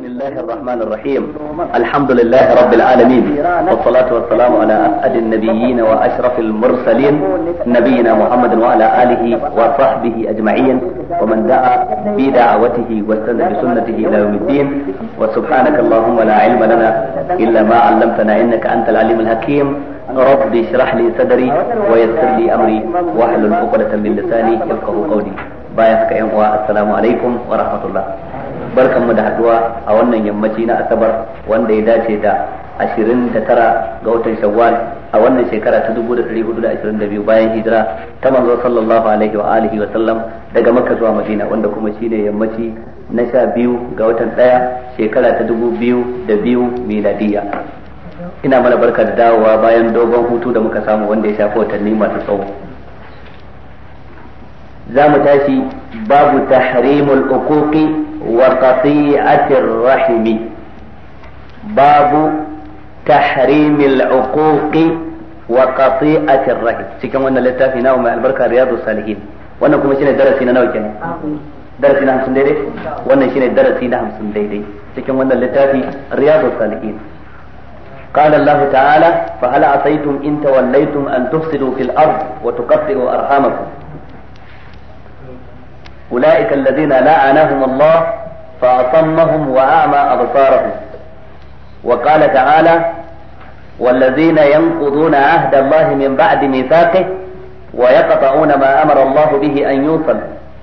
بسم الله الرحمن الرحيم الحمد لله رب العالمين والصلاة والسلام على أسعد النبيين وأشرف المرسلين نبينا محمد وعلى آله وصحبه أجمعين ومن دعا بدعوته واستنى بسنته إلى يوم الدين وسبحانك اللهم لا علم لنا إلا ما علمتنا إنك أنت العليم الحكيم رب اشرح لي صدري ويسر لي أمري واحلل عقدة من لساني يفقه قولي بايعك يا السلام عليكم ورحمة الله mu da haduwa a wannan yammaci na asabar wanda ya dace da 29 ga watan shawwal a wannan shekara ta 1422 bayan hijira ta manzo sallallahu alaihi wa alihi wa sallam daga makka zuwa madina wanda kuma shine yammaci na 12 ga watan ɗaya shekara ta 2002 miladiya ina mana barka da dawowa bayan dogon hutu da muka samu wanda ya shafi watanni masu tsawo za mu tashi babu tahrimul uquqi وقطيعة الرحم باب تحريم العقوق وقطيعة الرحم سيكون وانا لتافي ناوما البركة رياض الصالحين وانا كما شنا درسينا ناوكنا درسينا هم سنديري وانا شنا درسينا هم سنديري سيكون وانا لتافي رياض الصالحين قال الله تعالى فهل عصيتم ان توليتم ان تفسدوا في الارض وتقطعوا ارحامكم أولئك الذين لعنهم الله فأصمهم وأعمى أبصارهم وقال تعالى والذين ينقضون عهد الله من بعد ميثاقه ويقطعون ما أمر الله به أن يوصل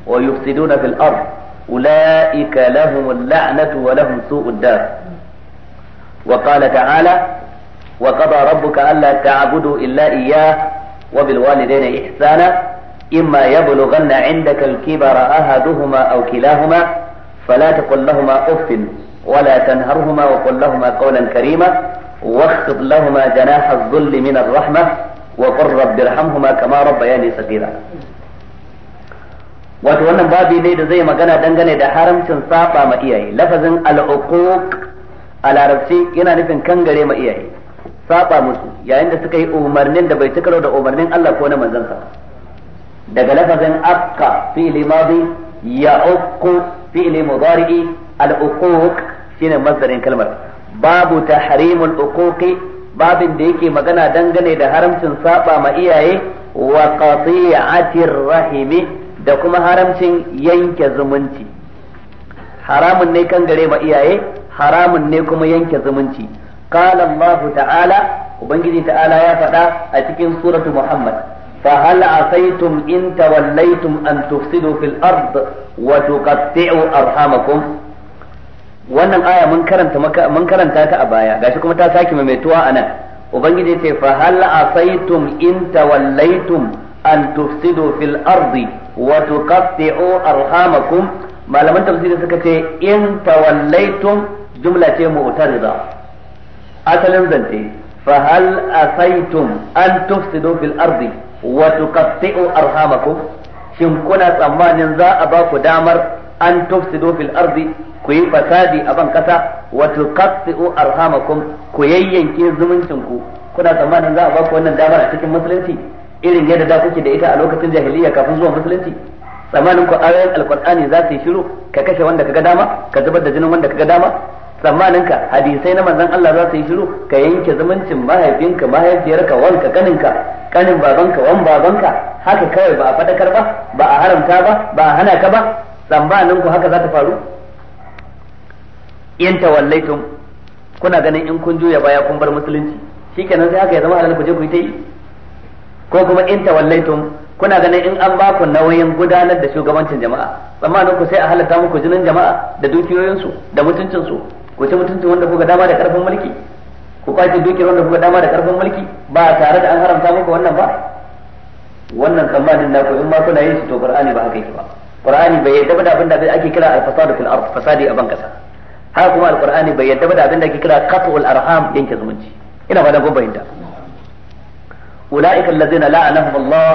ويفسدون في الأرض أولئك لهم اللعنة ولهم سوء الدار وقال تعالى وقضى ربك ألا تعبدوا إلا إياه وبالوالدين إحسانا إما يبلغن عندك الكبر أحدهما أو كلاهما فلا تقل لهما أف ولا تنهرهما وقل لهما قولا كريما واخفض لهما جناح الذل من الرحمة وقل رب ارحمهما كما ربياني صغيرا wato wannan babi ne da zai magana dangane da haramcin saba ma iyaye lafazin al'uquq a larabci yana nufin kangare ma iyaye saba musu yayin da suka yi umarnin da bai ci da umarnin Allah ko na manzansa daga lafazin akka fi'li madi uku fi'li mudari'i al-uquq shine masdarin kalmar babu tahrimul uquqi babin da yake magana dangane da haramcin saba ma iyaye wa qati'atir rahimi da kuma haramcin yanke zumunci haramun ne kan gare ma iyaye haramun ne kuma yanke zumunci qala Allah ta'ala ubangiji ta'ala ya faɗa a cikin suratu Muhammad فهل عصيتم إن توليتم أن تفسدوا في الأرض وتقطعوا أرحامكم wannan aya mun karanta mun karanta ta a baya gashi kuma ta sake a nan. ubangiji ce fa hal asaitum in tawallaitum an tufsidu fil ardi wa tuqatti'u arhamakum malaman tafsiri suka ce in tawallaitum jumla ce mu'tarida asalin zance fa hal asaitum an tufsidu fil ardi wa tuqatti'u arhamakum shin kuna tsammanin za a ba ku damar an tufsidu fil ardi ku yi fasadi a ban kasa wa tuqatti'u arhamakum ku yayyanke zumuncin ku kuna tsammanin za a ba ku wannan damar a cikin musulunci irin yadda da kuke da ita a lokacin jahiliya kafin zuwa musulunci tsammanin ku ayoyin alqur'ani za su yi shiru ka kashe wanda kaga dama ka zubar da jinin wanda kaga dama ka hadisai na manzon Allah za su yi shiru ka yanke zumuncin mahaifinka mahaifiyarka wanka kaninka kanin babanka wan babanka haka kawai ba a fadakar ba ba a haramta ba ba a hana ka ba tsammanin ku haka za ta faru in wallaitum kuna ganin in kun juya baya kun bar musulunci shikenan sai haka ya zama halal ku je ku yi ta yi ko kuma in wallaitum kuna ganin in an ba ku nauyin gudanar da shugabancin jama'a tsammanin ku sai a halatta muku jinin jama'a da dukiyoyinsu da mutuncinsu ku ci mutuncin wanda kuka dama da karfin mulki ku kwace dukiyar wanda kuka dama da karfin mulki ba tare da an haramta muku wannan ba wannan tsammanin na in ma kuna yin shi to qur'ani ba haka yake ba qur'ani bai yadda da abinda ake kira al-fasadu fil ard fasadi a ban kasa haka kuma al-qur'ani bai yadda da abinda ake kira qat'ul arham yanke zumunci ina fatan kun fahimta ulaika allazina la'anahum Allah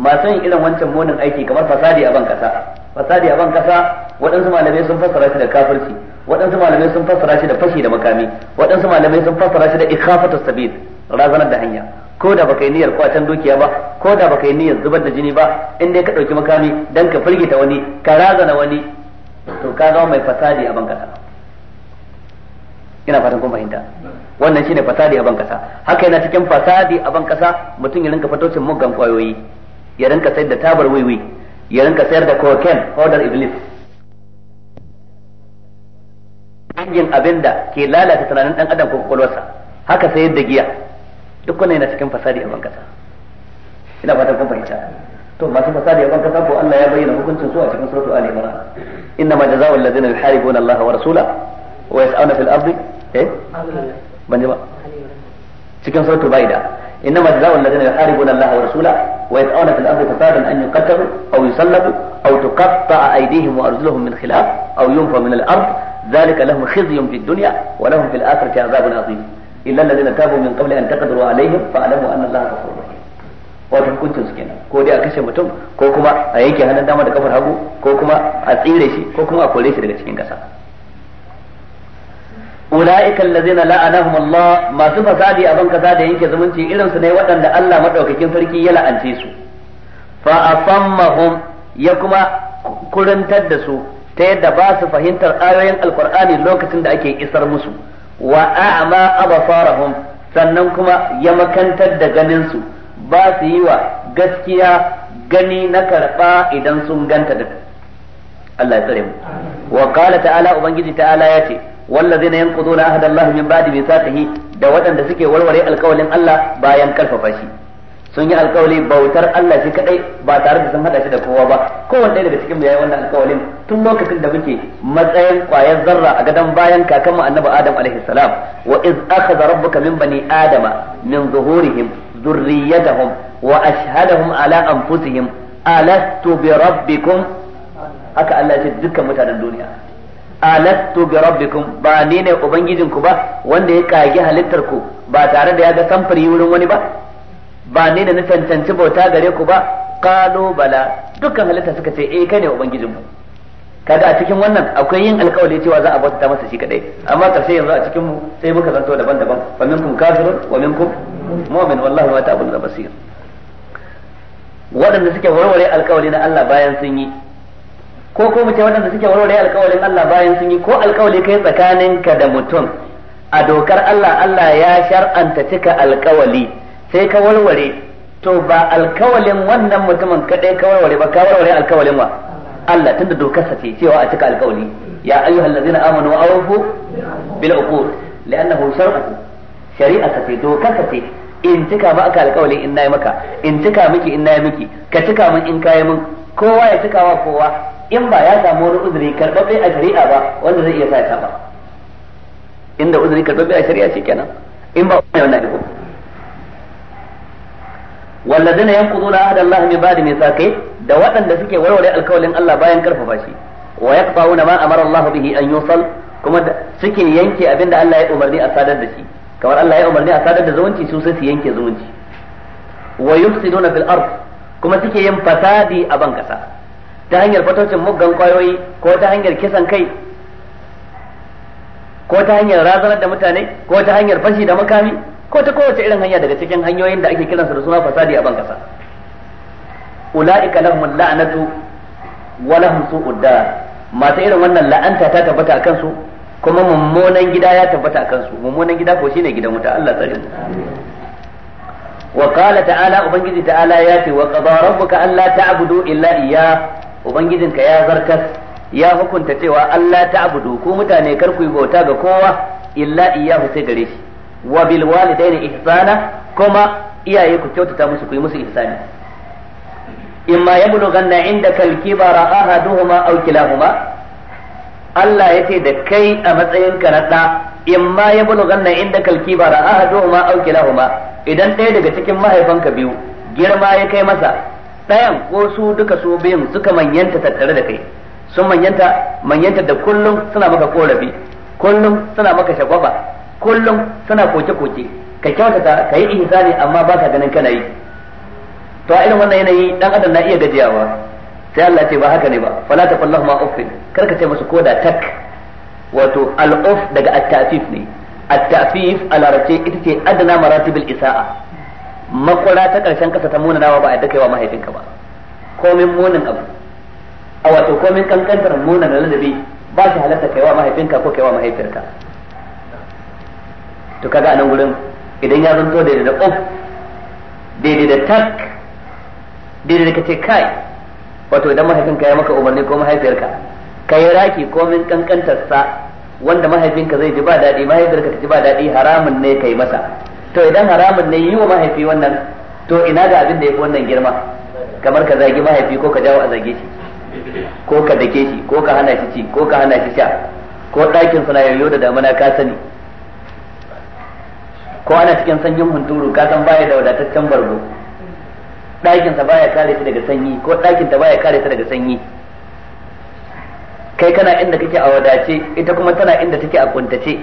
masu yin irin wancan munin aiki kamar fasadi a ban kasa fasadi a ban kasa waɗansu malamai sun fassara shi da kafirci waɗansu malamai sun fassara shi da fashi da makami waɗansu malamai sun fassara shi da ikhafatu sabil razanar da hanya ko da baka yi niyyar kwacen dukiya ba ko da baka yi niyyar zubar da jini ba in dai ka ɗauki makami dan ka firgita wani ka razana wani to ka zama mai fasadi a ban kasa ina fatan kun fahimta wannan shine fasadi a ban kasa haka yana cikin fasadi a ban kasa mutum ya rinka cin muggan kwayoyi ya rinka sayar da tabar wiwi ya rinka sayar da koken hodar iblis dangin abin da ke lalata tunanin dan adam ko kwakwalwarsa haka sayar da giya duk wannan yana cikin fasadi a bankasa ina fatan kun fahimta to masu fasadi a bankasa ko Allah ya bayyana hukuncin su a cikin suratul ali imran inna ma jazaa'u alladhina yuharibuna Allah wa rasulahu wa yas'una fil ardi eh ban ji ba cikin suratul baida inna ma jazaa'u alladhina yuharibuna Allah wa rasulahu wa yas'una fil ardi fasadan an yuqtalu aw yusallabu aw tuqatta'a aydihim wa arjuluhum min khilaf aw yunfa min al ard ذلك لهم خزي في الدنيا ولهم في الآخرة عذاب عظيم إلا الذين تابوا من قبل أن تقدروا عليهم فاعلموا أن الله غفور رحيم wato hukuncin su kenan ko dai a kashe mutum ko kuma a yanke hannun dama da kafar hagu ko kuma a tsire shi ko kuma a kore shi daga cikin kasa ulaika allazina la'anahum Allah masu fasadi a ban kaza da yanke zumunci irin su ne waɗanda Allah madaukakin sarki ya la'ance su fa asammahum ya kuma kurantar da su ta yadda ba su fahimtar ayoyin alkur'ani lokacin da ake isar musu wa a'ma abasarahum sannan kuma ya makantar da ganin su ba su yi wa gaskiya gani na karba idan sun ganta da Allah ya tsare mu wa qala ta'ala ubangiji ta'ala ya ce wallazina yanquduna ahdallahi min ba'di mithaqihi da waɗanda suke warware alƙawalin Allah bayan karfafa shi sun yi alkawali bautar Allah shi kadai ba tare da sun hada shi da kowa ba kowanne daga cikin mu yayi wannan alkawalin tun lokacin da muke matsayin kwayar zarra a gadon bayan kakanmu annabi Adam alaihi salam wa iz akhadha rabbuka min bani adama min zuhurihim dhurriyyatahum wa ashhadahum ala anfusihim alastu bi rabbikum haka Allah ya dukkan mutanen duniya alastu bi rabbikum ba ni ne ubangijinku ba wanda ya kage halittar ku ba tare da ya ga samfuri wurin wani ba ba ni da na cancanci bauta gare ku ba qalu bala dukkan halitta suka ce eh kai ne mu kaga a cikin wannan akwai yin alkawali cewa za a bauta masa shi kadai amma karshe yanzu a cikin mu sai muka zanto daban-daban fa minkum kafirun wa minkum mu'min wallahi wa ta'budu da basir waɗanda suke warware alkawali na Allah bayan sun yi ko ko mutum waɗanda suke warware alkawalin Allah bayan sun yi ko alkawali kai tsakaninka da mutum a dokar Allah Allah ya shar'anta cika alkawali sai ka warware to ba alkawalin wannan mutumin kadai ka warware ba ka warware alkawalin wa Allah tunda dokar sa ce cewa a cika alkawali ya ayyuhal ladzina amanu wa awfu bil uqud li'annahu shar'u shari'a ta ce dokar sa ce in cika ba aka alkawali in nayi maka in cika miki in nayi miki ka cika min in kayi min kowa ya cika wa kowa in ba ya samu wani uzuri karɓaɓɓe a shari'a ba wanda zai iya sa ya saba inda uzuri karɓaɓɓe a shari'a ce kenan in ba wani wannan walladina yanquduna ahda Allah min ba'di kai da waɗanda suke warware alkawalin Allah bayan karfafa shi wa yaqta'una ma amara Allah bihi an yusal kuma suke yanke abinda Allah ya umarni a sadar da shi kamar Allah ya umarni a sadar da zumunci su sai su yanke zumunci wa yufsiduna fil ard kuma suke yin fasadi a ban kasa ta hanyar fatocin muggan kwayoyi ko ta hanyar kisan kai ko ta hanyar razanar da mutane ko ta hanyar fashi da makami ko ta kowace irin hanya daga cikin hanyoyin da ake kiransu da suna fasadi a ban kasa ula'ika lahum la'natu wa lahum su'ud mata irin wannan la'anta ta tabbata a kansu, kuma mummunan gida ya tabbata a kansu. mummunan gida ko shine gidan wuta Allah tsare mu wa qala ta'ala ubangiji ta'ala ya ce wa qada rabbuka alla ta'budu illa iyyah ubangijinka ya zarkas ya hukunta cewa Allah ta'budu ku mutane kar ku yi bauta ga kowa illa iyyahu sai gare shi wa bil walidaini ihsana kuma iyaye ku kyautata musu ku yi musu ihsani imma yablughanna indaka al-kibara ahaduhuma aw kilahuma Allah ya ce da kai a matsayin ka na in ma ya bulughanna indaka al-kibara ahaduhuma aw kilahuma idan ɗaya daga cikin mahaifanka biyu girma ya kai masa ɗayan ko su duka su biyun suka manyanta tattare da kai sun manyanta manyanta da kullum suna maka korafi kullum suna maka shagwaba kullum suna koke-koke ka kyautata ka yi ihsani amma ba ka ganin kana yi to a irin wannan yanayi dan adam na iya gajiyawa sai Allah ce ba haka ne ba fala ta fallahu ma uffin kar ka ce musu koda tak wato al-uff daga at-tafif ne at-tafif al larabce ita ce adana maratibul isa'a makwara ta karshen kasa ta munanawa ba a yadda kaiwa mahaifinka ba komin munin abu a wato komin kankantar munan ladabi ba shi halatta kaiwa mahaifinka ko kaiwa mahaifiyarka to kaga a nan gurin idan ya zanto daidai da of daidai da tak daidai da kace kai wato idan mahaifinka ya maka umarni ko mahaifiyarka ka yi raki kankantar sa wanda mahaifinka zai ji ba daɗi mahaifiyarka ta ji ba daɗi haramun ne kai masa to idan haramun ne yi wa mahaifi wannan to ina ga abin da ya fi wannan girma kamar ka zagi mahaifi ko ka jawo a zage shi ko ka dake shi ko ka hana shi ci ko ka hana shi sha ko ɗakin suna yoyo da damana ka sani ko ana cikin sanyin hunturu ka san baya da wadataccen bargo ɗakinsa baya kare shi daga sanyi ko ɗakinta baya kare ta daga sanyi kai kana inda kake a wadace ita kuma tana inda take a kuntace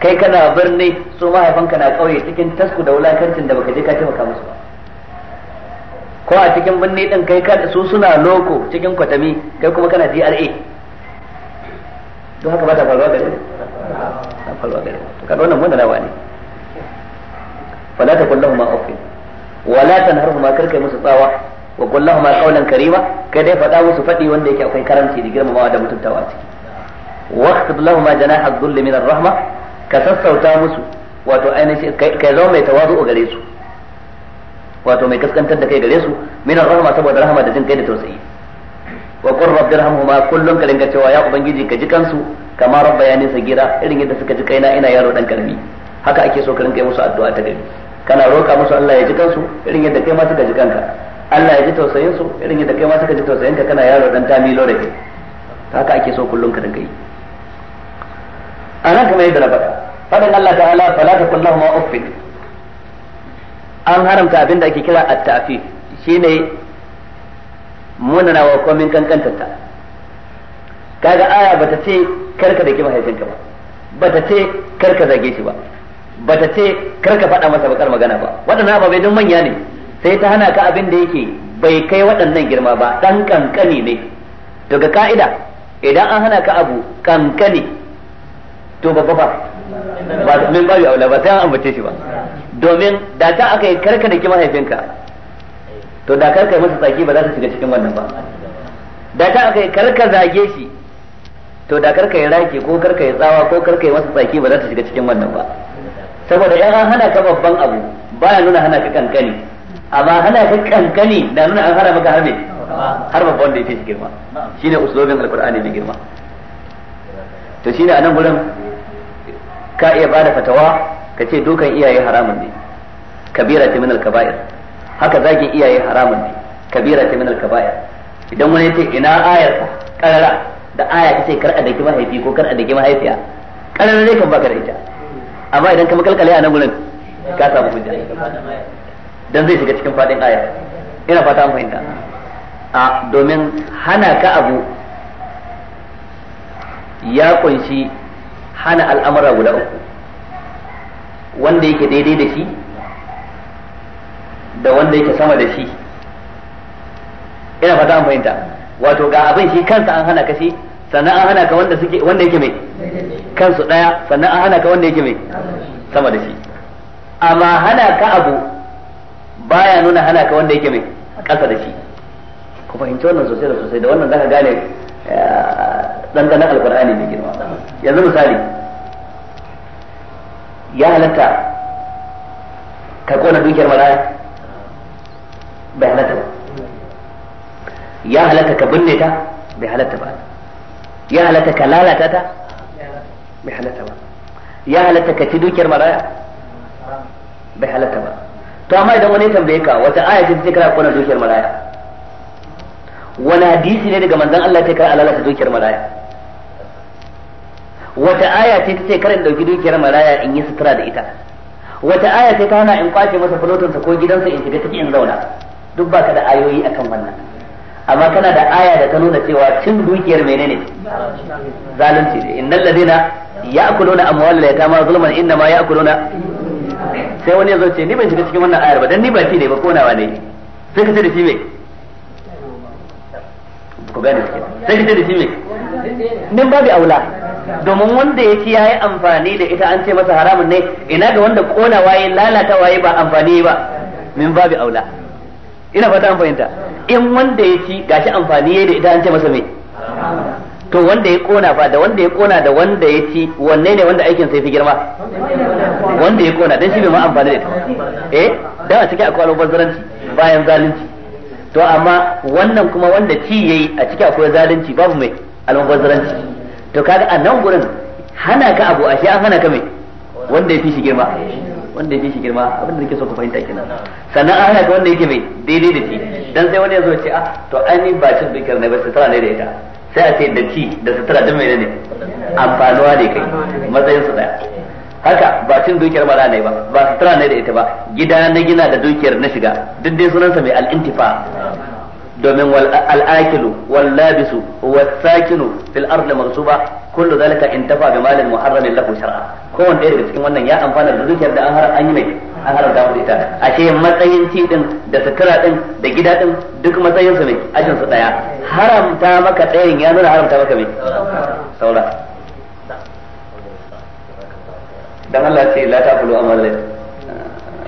kai kana birni su mahaifanka na ƙauye cikin tasku da wulakancin da baka je ka taimaka musu ba ko a cikin birni din kai ka su suna loko cikin kwatami kai kuma kana DRA don haka ba ta faruwa gare ta faruwa gare to wannan mun da ne fala takun lahumu uffin wala karkai musu tsawa wa qul lahumu qawlan karima kai dai faɗa musu faɗi wanda yake akwai karanci da girmamawa da mutuntawa a ciki waqtid lahumu janaha dhulli min ar-rahma ka sassauta musu wato ainihin kai zama mai tawazu gare su wato mai kaskantar da kai gare su min rahma saboda rahama da jin kai da tausayi wa qur rabbirhamhuma kullun ka dinga cewa ya ubangiji ka ji kansu kamar rabbayani gira irin yadda suka ji kaina ina yaro dan karami haka ake so ka rinka yi musu addu'a ta gari kana roƙa musu Allah ya ji kansu irin yadda kai ma suka ji kanka Allah ya ji tausayin su irin yadda kai ma suka ji tausayin ka kana yaro dan milo da kai haka ake so kullum ka rinka yi anan kamar yadda na faɗa faɗin Allah ta'ala fala kullahu ma uffin an haramta abin da ake kira at-ta'fif shine munana wa komin kankantarta kaga aya bata ce karka da ki mahaifinka ba bata ce karka zage shi ba bata ce karka faɗa masa bakar magana ba waɗannan ababai don manya ne sai ta hana ka abin da yake bai kai waɗannan girma ba ɗan kankani ne to ga ka'ida idan an hana ka abu kankani to babba ba ba min babu aula ba sai an ambace shi ba domin da ta aka yi karka da ki mahaifinka to da karka masa tsaki ba za ta shiga cikin wannan ba da ta aka yi karka zage shi to da karka yi raki ko karka yi tsawa ko karka yi masa tsaki ba za ta shiga cikin wannan ba saboda yan an hana ka babban abu baya nuna hana ka kankani amma hana ka kankani da nuna an hana maka harbe har babban da yake girma shine uslubin alqur'ani mai girma to shine anan gurin ka iya bada fatawa ka ce dukan iyaye haramun ne kabira ta min alkaba'ir haka zagin iyaye haramun ne kabira ta min alkaba'ir idan wani ya ce ina ayar karara da aya ta ce kar a daki mahaifi ko kar a daki mahaifiya karara ne kan baka da ita amma idan ka makalkale a nan gurin ka samu hujja dan zai shiga cikin fadin aya ina fata an fahimta a domin hana ka abu ya kunshi hana al'amura guda uku wanda yake daidai da shi da wanda yake sama da shi ina fata an fahimta wato ga abin shi kansa an hana ka shi sannan an hana ka wanda suke wanda yake mai kansu daya sannan an hana ka wanda yake mai sama da shi amma hana ka abu baya nuna hana ka wanda yake mai kasa da shi ku fahimci wannan sosai da sosai da wannan zaka gane dandanan eh, alkur'ani mai girma yanzu misali ya halatta ka kona dukiyar maraya bai halatta ba ya halatta ka binne ta bai halatta ba ya halatta ka lalata ta bai halatta ba ya halatta ka ci dukiyar maraya bai halatta ba to amma idan wani tambaye ka wata aya ce take kana kona dukiyar maraya wani hadisi ne daga manzon Allah take kana lalata dukiyar maraya wata aya ce take karin dauki dukiyar maraya in yi sutura da ita wata aya ce ta hana in kwace masa fulotonsa ko gidansa in shiga ciki in zauna duk baka da ayoyi akan wannan amma kana da aya da ta nuna cewa cin dukiyar menene zalunci ne innal ladina ya'kuluna amwal la yatama zulman inna ma ya'kuluna sai wani yazo ce ni ban shiga cikin wannan ayar ba dan ni ba ci ne ba nawa ne sai ka ce da shi me ku gane sai ka ce da shi me nan babu aula domin wanda ya ci ya yi amfani da ita an ce masa haramun ne ina ga wanda konawa waye lalata waye ba amfani ba min babu aula ina fata an fahimta in wanda ya ci gashi amfani yayi da ita an ce masa me to wanda ya kona fa da wanda ya kona da wanda ya ci wanne ne wanda aikin sai fi girma wanda ya kona dan shi bai ma amfani da ita eh dan a cikin akwai albazaranci bayan zalunci to amma wannan kuma wanda ci yayi a cikin akwai zalunci babu mai albazaranci to kaga a nan gurin hana ka abu ashe an hana ka mai wanda ya fi shi girma wanda yake shi girma abin da nake so ku fahimta kenan sannan aya ga wanda yake mai daidai da shi dan sai wani ya zo ce a ah, to ai ba cin dukiyar ne ba tara ne da ita sai a ce da ci da sutura duk mai ne amfanuwa ne kai matsayin su daya haka ba cin dukiyar mara ne ba ba sutura ne da ita ba gida na gina da dukiyar na shiga duk dai sunansa mai al-intifa domin al'akilu wal wasakinu was sakinu masu ba marsuba kullu zalika intafa bi malin muharramin lahu shar'a kowanne ɗaya daga cikin wannan ya amfana da da an har an yi mai an haramta mu ita ashe matsayin ci din da sutura din da gida din duk matsayin su ne ajin su daya haramta maka ɗayan ya nuna haramta maka me saura dan Allah ce la ta'kulu amalan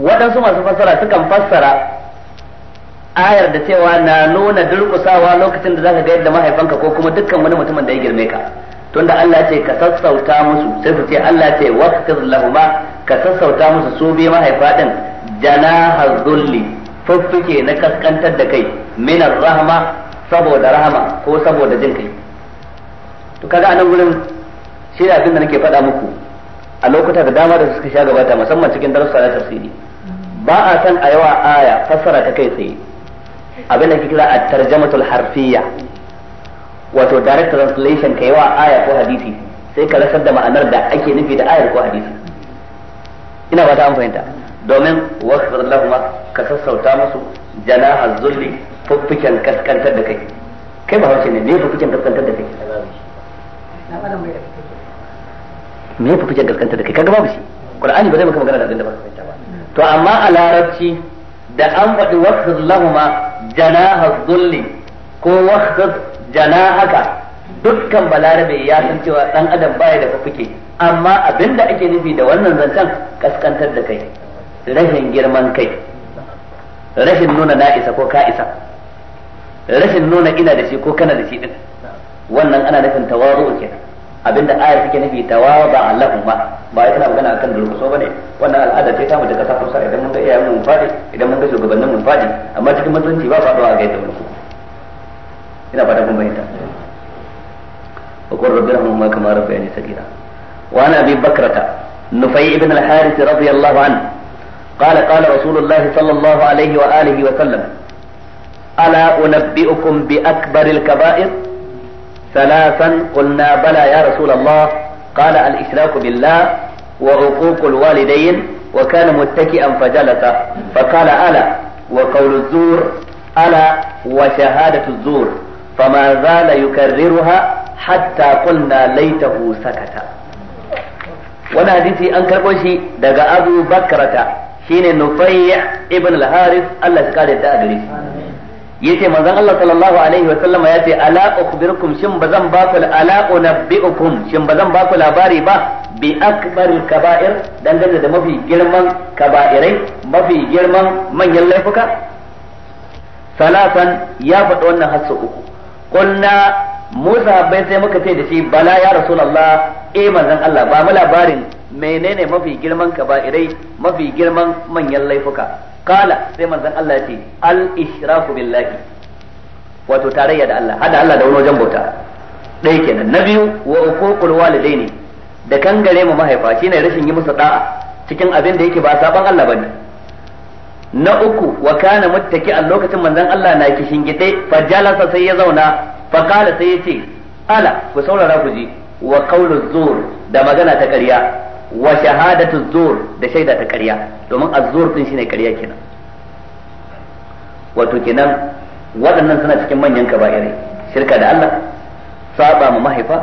waɗansu masu fassara sukan fassara ayar da cewa na nuna durƙusawa lokacin da zaka ga yadda mahaifanka ko kuma dukkan wani mutumin da ya girme ka tunda Allah ce ka sassauta musu sai su ce Allah ce waqtir lahuma ka sassauta musu su bi mahaifa din jana hazulli fuffuke na kaskantar da kai min rahma saboda rahama ko saboda jin kai to kaga anan gurin shi abin da nake faɗa muku a lokuta da dama da suka sha gabata musamman cikin darussa na tafsiri ba a san a yawa aya fassara ta kai tsaye abin da kira a tarjamatul harfiya wato direct translation ka yawa aya ko hadisi sai ka rasar da ma'anar da ake nufi da ayar ko hadisi ina ba ta an fahimta domin wasu lahuma ka sassauta musu janaha zulli fuffuken kaskantar da kai kai ba wace ne me fuffuken kaskantar da kai me fuffuken kaskantar da kai kaga babu shi qur'ani ba zai maka magana da abin da ba ka fahimta ba to amma a larabci da an faɗi waqfid lahuma janaha dhulli ko waqfid janahaka dukkan balarabe ya san cewa dan adam baya da fufuke amma abinda ake nufi da wannan zancen kaskantar da kai rashin girman kai rashin nuna na isa ko ka isa rashin nuna ina da shi ko kana da shi din wannan ana nufin tawaru kenan abinda ayar take nufi tawaba lahuma ba yana magana akan durkuso bane wannan al'ada ce ta mu da kasa kusa idan mun ga iyayen mun fadi idan mun ga shugabannin mun fadi amma cikin mutunci ba faɗo a gaida mulku ina fata kun bayyana wa qur rabbi rahmuhuma kama rabbayani sagira wa ana abi bakrata nufai ibn al-harith radiyallahu anhu قال قال رسول الله صلى الله عليه وآله وسلم ألا أنبئكم بأكبر الكبائر ثلاثا قلنا بلى يا رسول الله قال الإشراك بالله وعقوق الوالدين وكان متكئا فجلس فقال ألا وقول الزور ألا وشهادة الزور فما زال يكررها حتى قلنا ليته سكت وانا حديثي أن كربوشي دقى أبو بكرة شين نفيع ابن الحارث الله سكالي الدأدري yace manzon Allah sallallahu alaihi wa sallama yace ala ukhbirukum shin bazan ba ku ala unabbiukum shin bazan ba ku labari ba bi akbar kaba'ir dangane da mafi girman kaba'irai mafi girman manyan laifuka salasan ya faɗi wannan hasu uku kunna Musa bai sai muka ce da shi bala ya rasulullah eh manzon Allah ba mu labarin menene mafi girman kaba'irai mafi girman manyan laifuka Kala sai manzon Allah ya ce al ishraku billahi wato tarayya da Allah hada Allah da wani wajen bauta ɗaya kenan na biyu wa uququl walidaini da kangare mu mahaifa shine rashin yi musu da'a cikin abin da yake ba saban Allah bane na uku wa kana muttaki a lokacin manzon Allah na kishin gide fa jalasa sai ya zauna fa kala sai ya ce ala ku saurara ku ji wa qawlu zur da magana ta ƙarya wa shahadatu zur da shaida ta ƙarya domin azzur din shine ƙarya kenan wato kenan waɗannan suna cikin manyan kaba'irai shirka da Allah saba ma mahaifa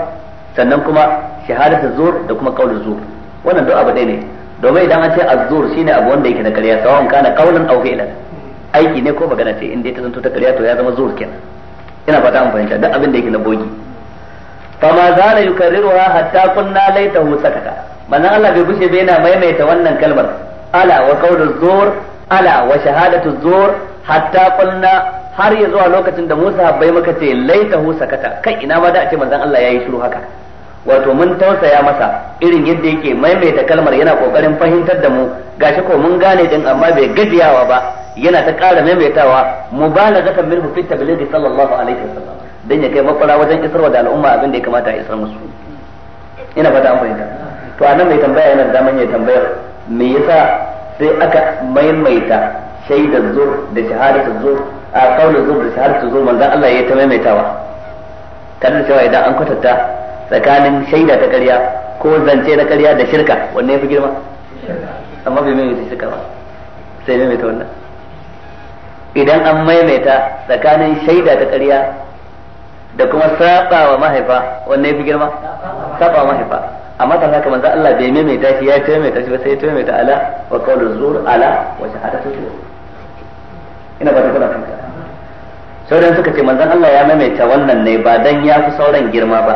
sannan kuma shahadatu zur da kuma qaulul zur wannan duk abu ne domin idan an ce azzur shine abu wanda yake na ƙarya sawan kana qaulan aw fi'lan aiki ne ko magana ce in dai ta zanto ta ƙarya to ya zama zur kenan ina fata an fahimta duk abin da yake na bogi ma zala yukarriruha hatta kunna laitahu sakata manzon Allah bai bushe bai yana maimaita wannan kalmar ala wa qawlu zur ala wa shahadatu zur hatta qulna har ya zuwa lokacin da Musa bai muka ce laitahu sakata kai ina ma da a ce manzon Allah yayi shiru haka wato mun tausaya masa irin yadda yake maimaita kalmar yana kokarin fahimtar da mu gashi ko mun gane din amma bai gajiyawa ba yana ta kara maimaitawa mubalagatan min fi tablighi sallallahu alaihi wasallam dan ya kai makwara wajen isarwa da al'umma abin da ya kamata a isar musu ina fata an fahimta to nan mai tambaya yana da ya tambayar me yasa sai aka maimaita shaidar zur da shahadatu zur a kaulin zur da shahadatu zur manzon Allah ya ta maimaitawa tare da cewa idan an kwatanta tsakanin shaida ta ƙarya ko zance na ƙarya da shirka wanne ya fi girma amma bai maimaita shirka ba sai maimaita wannan idan an maimaita tsakanin shaida ta ƙarya da kuma saba wa mahaifa wanne ya fi girma saba mahaifa amma kan haka manzo Allah bai maimaita shi ya mai shi ba sai mai ta ala wa qawlu zur ala wa shahadatu zur ina ba ta kana kanka sauran suka ce manzon Allah ya maimaita wannan ne ba dan ya fi sauran girma ba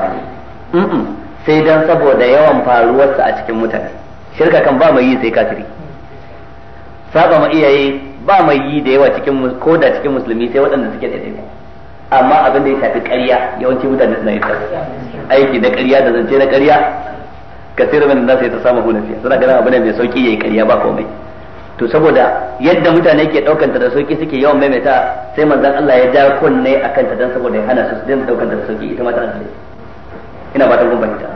sai dan saboda yawan faruwarsa a cikin mutane shirka kan ba mai yi sai kafiri saba ma iyaye ba mai yi da yawa cikin ko da cikin musulmi sai waɗanda suke da dai amma abin da ya shafi ƙarya yawanci mutane suna yi aiki da ƙarya da zance na ƙarya kathirun min ta samu yatasamahuna fiha suna ganin abu ne mai sauki yayi kariya ba komai to saboda yadda mutane ke ta da sauki suke yawan maimaita sai manzon Allah ya ja kunne akan ta dan saboda ya hana su din daukar daukanta da sauki ita ma ta Allah ina ta kun fahimta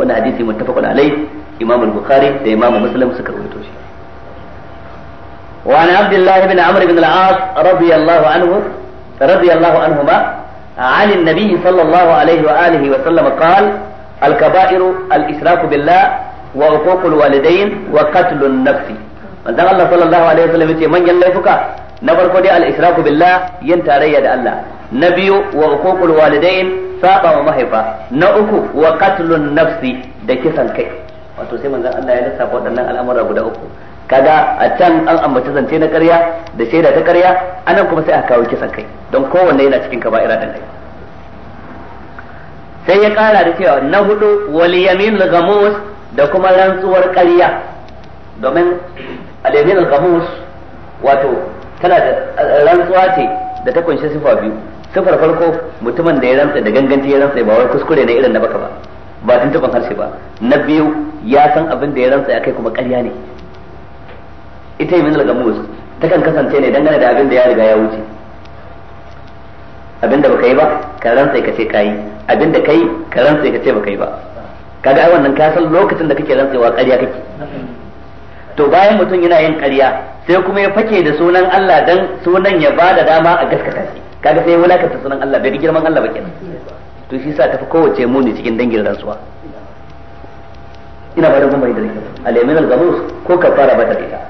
wannan hadisi muttafaqun alai imam al-bukhari da imam muslim suka rawaito shi وعن عبد الله بن عمرو بن العاص رضي الله عنه رضي الله عنهما عن النبي صلى الله عليه وآله وسلم قال الكبائر الإشراك بالله وعقوق الوالدين وقتل النفس manzon Allah sallallahu alaihi wasallam yace manyan laifuka na farko dai al-israku billah yin tarayya da Allah na biyu wa uququl walidain saba wa mahaifa na uku wa qatlun nafsi da kisan kai wato sai manzon Allah ya lissafa waɗannan al'amura guda uku kaga a can an ambaci zance na ƙarya da shaida ta ƙarya anan kuma sai aka kawo kisan kai don kowanne yana cikin kaba'ira din kai sai ya kara da cewa na hudu waliyamin yamin da kuma rantsuwar ƙarya domin al yamin wato tana da rantsuwa ce da ta kunshi sifa biyu sifar farko mutumin da ya rantsa da ganganci ya rantsa ba wai kuskure ne irin na baka ba ba tuntuban harshe ba na biyu ya san abin da ya rantsa ya kai kuma ƙarya ne ita yamin al ta kan kasance ne dangane da abin da ya riga ya wuce abinda baka yi ba ka rantsa ka ce kai abinda kai ka rantsa ka ce baka yi ba kaga ai wannan ka san lokacin da kake rantsewa ƙarya kake to bayan mutum yana yin ƙarya sai kuma ya fake da sunan Allah dan sunan ya bada dama a gaskata shi kaga sai ya wulakanta sunan Allah bai ga girman Allah ba kenan to shi yasa tafi kowace muni cikin dangin rantsuwa ina ba da gumbai da rikin al al-gamus ko kafara ba ta da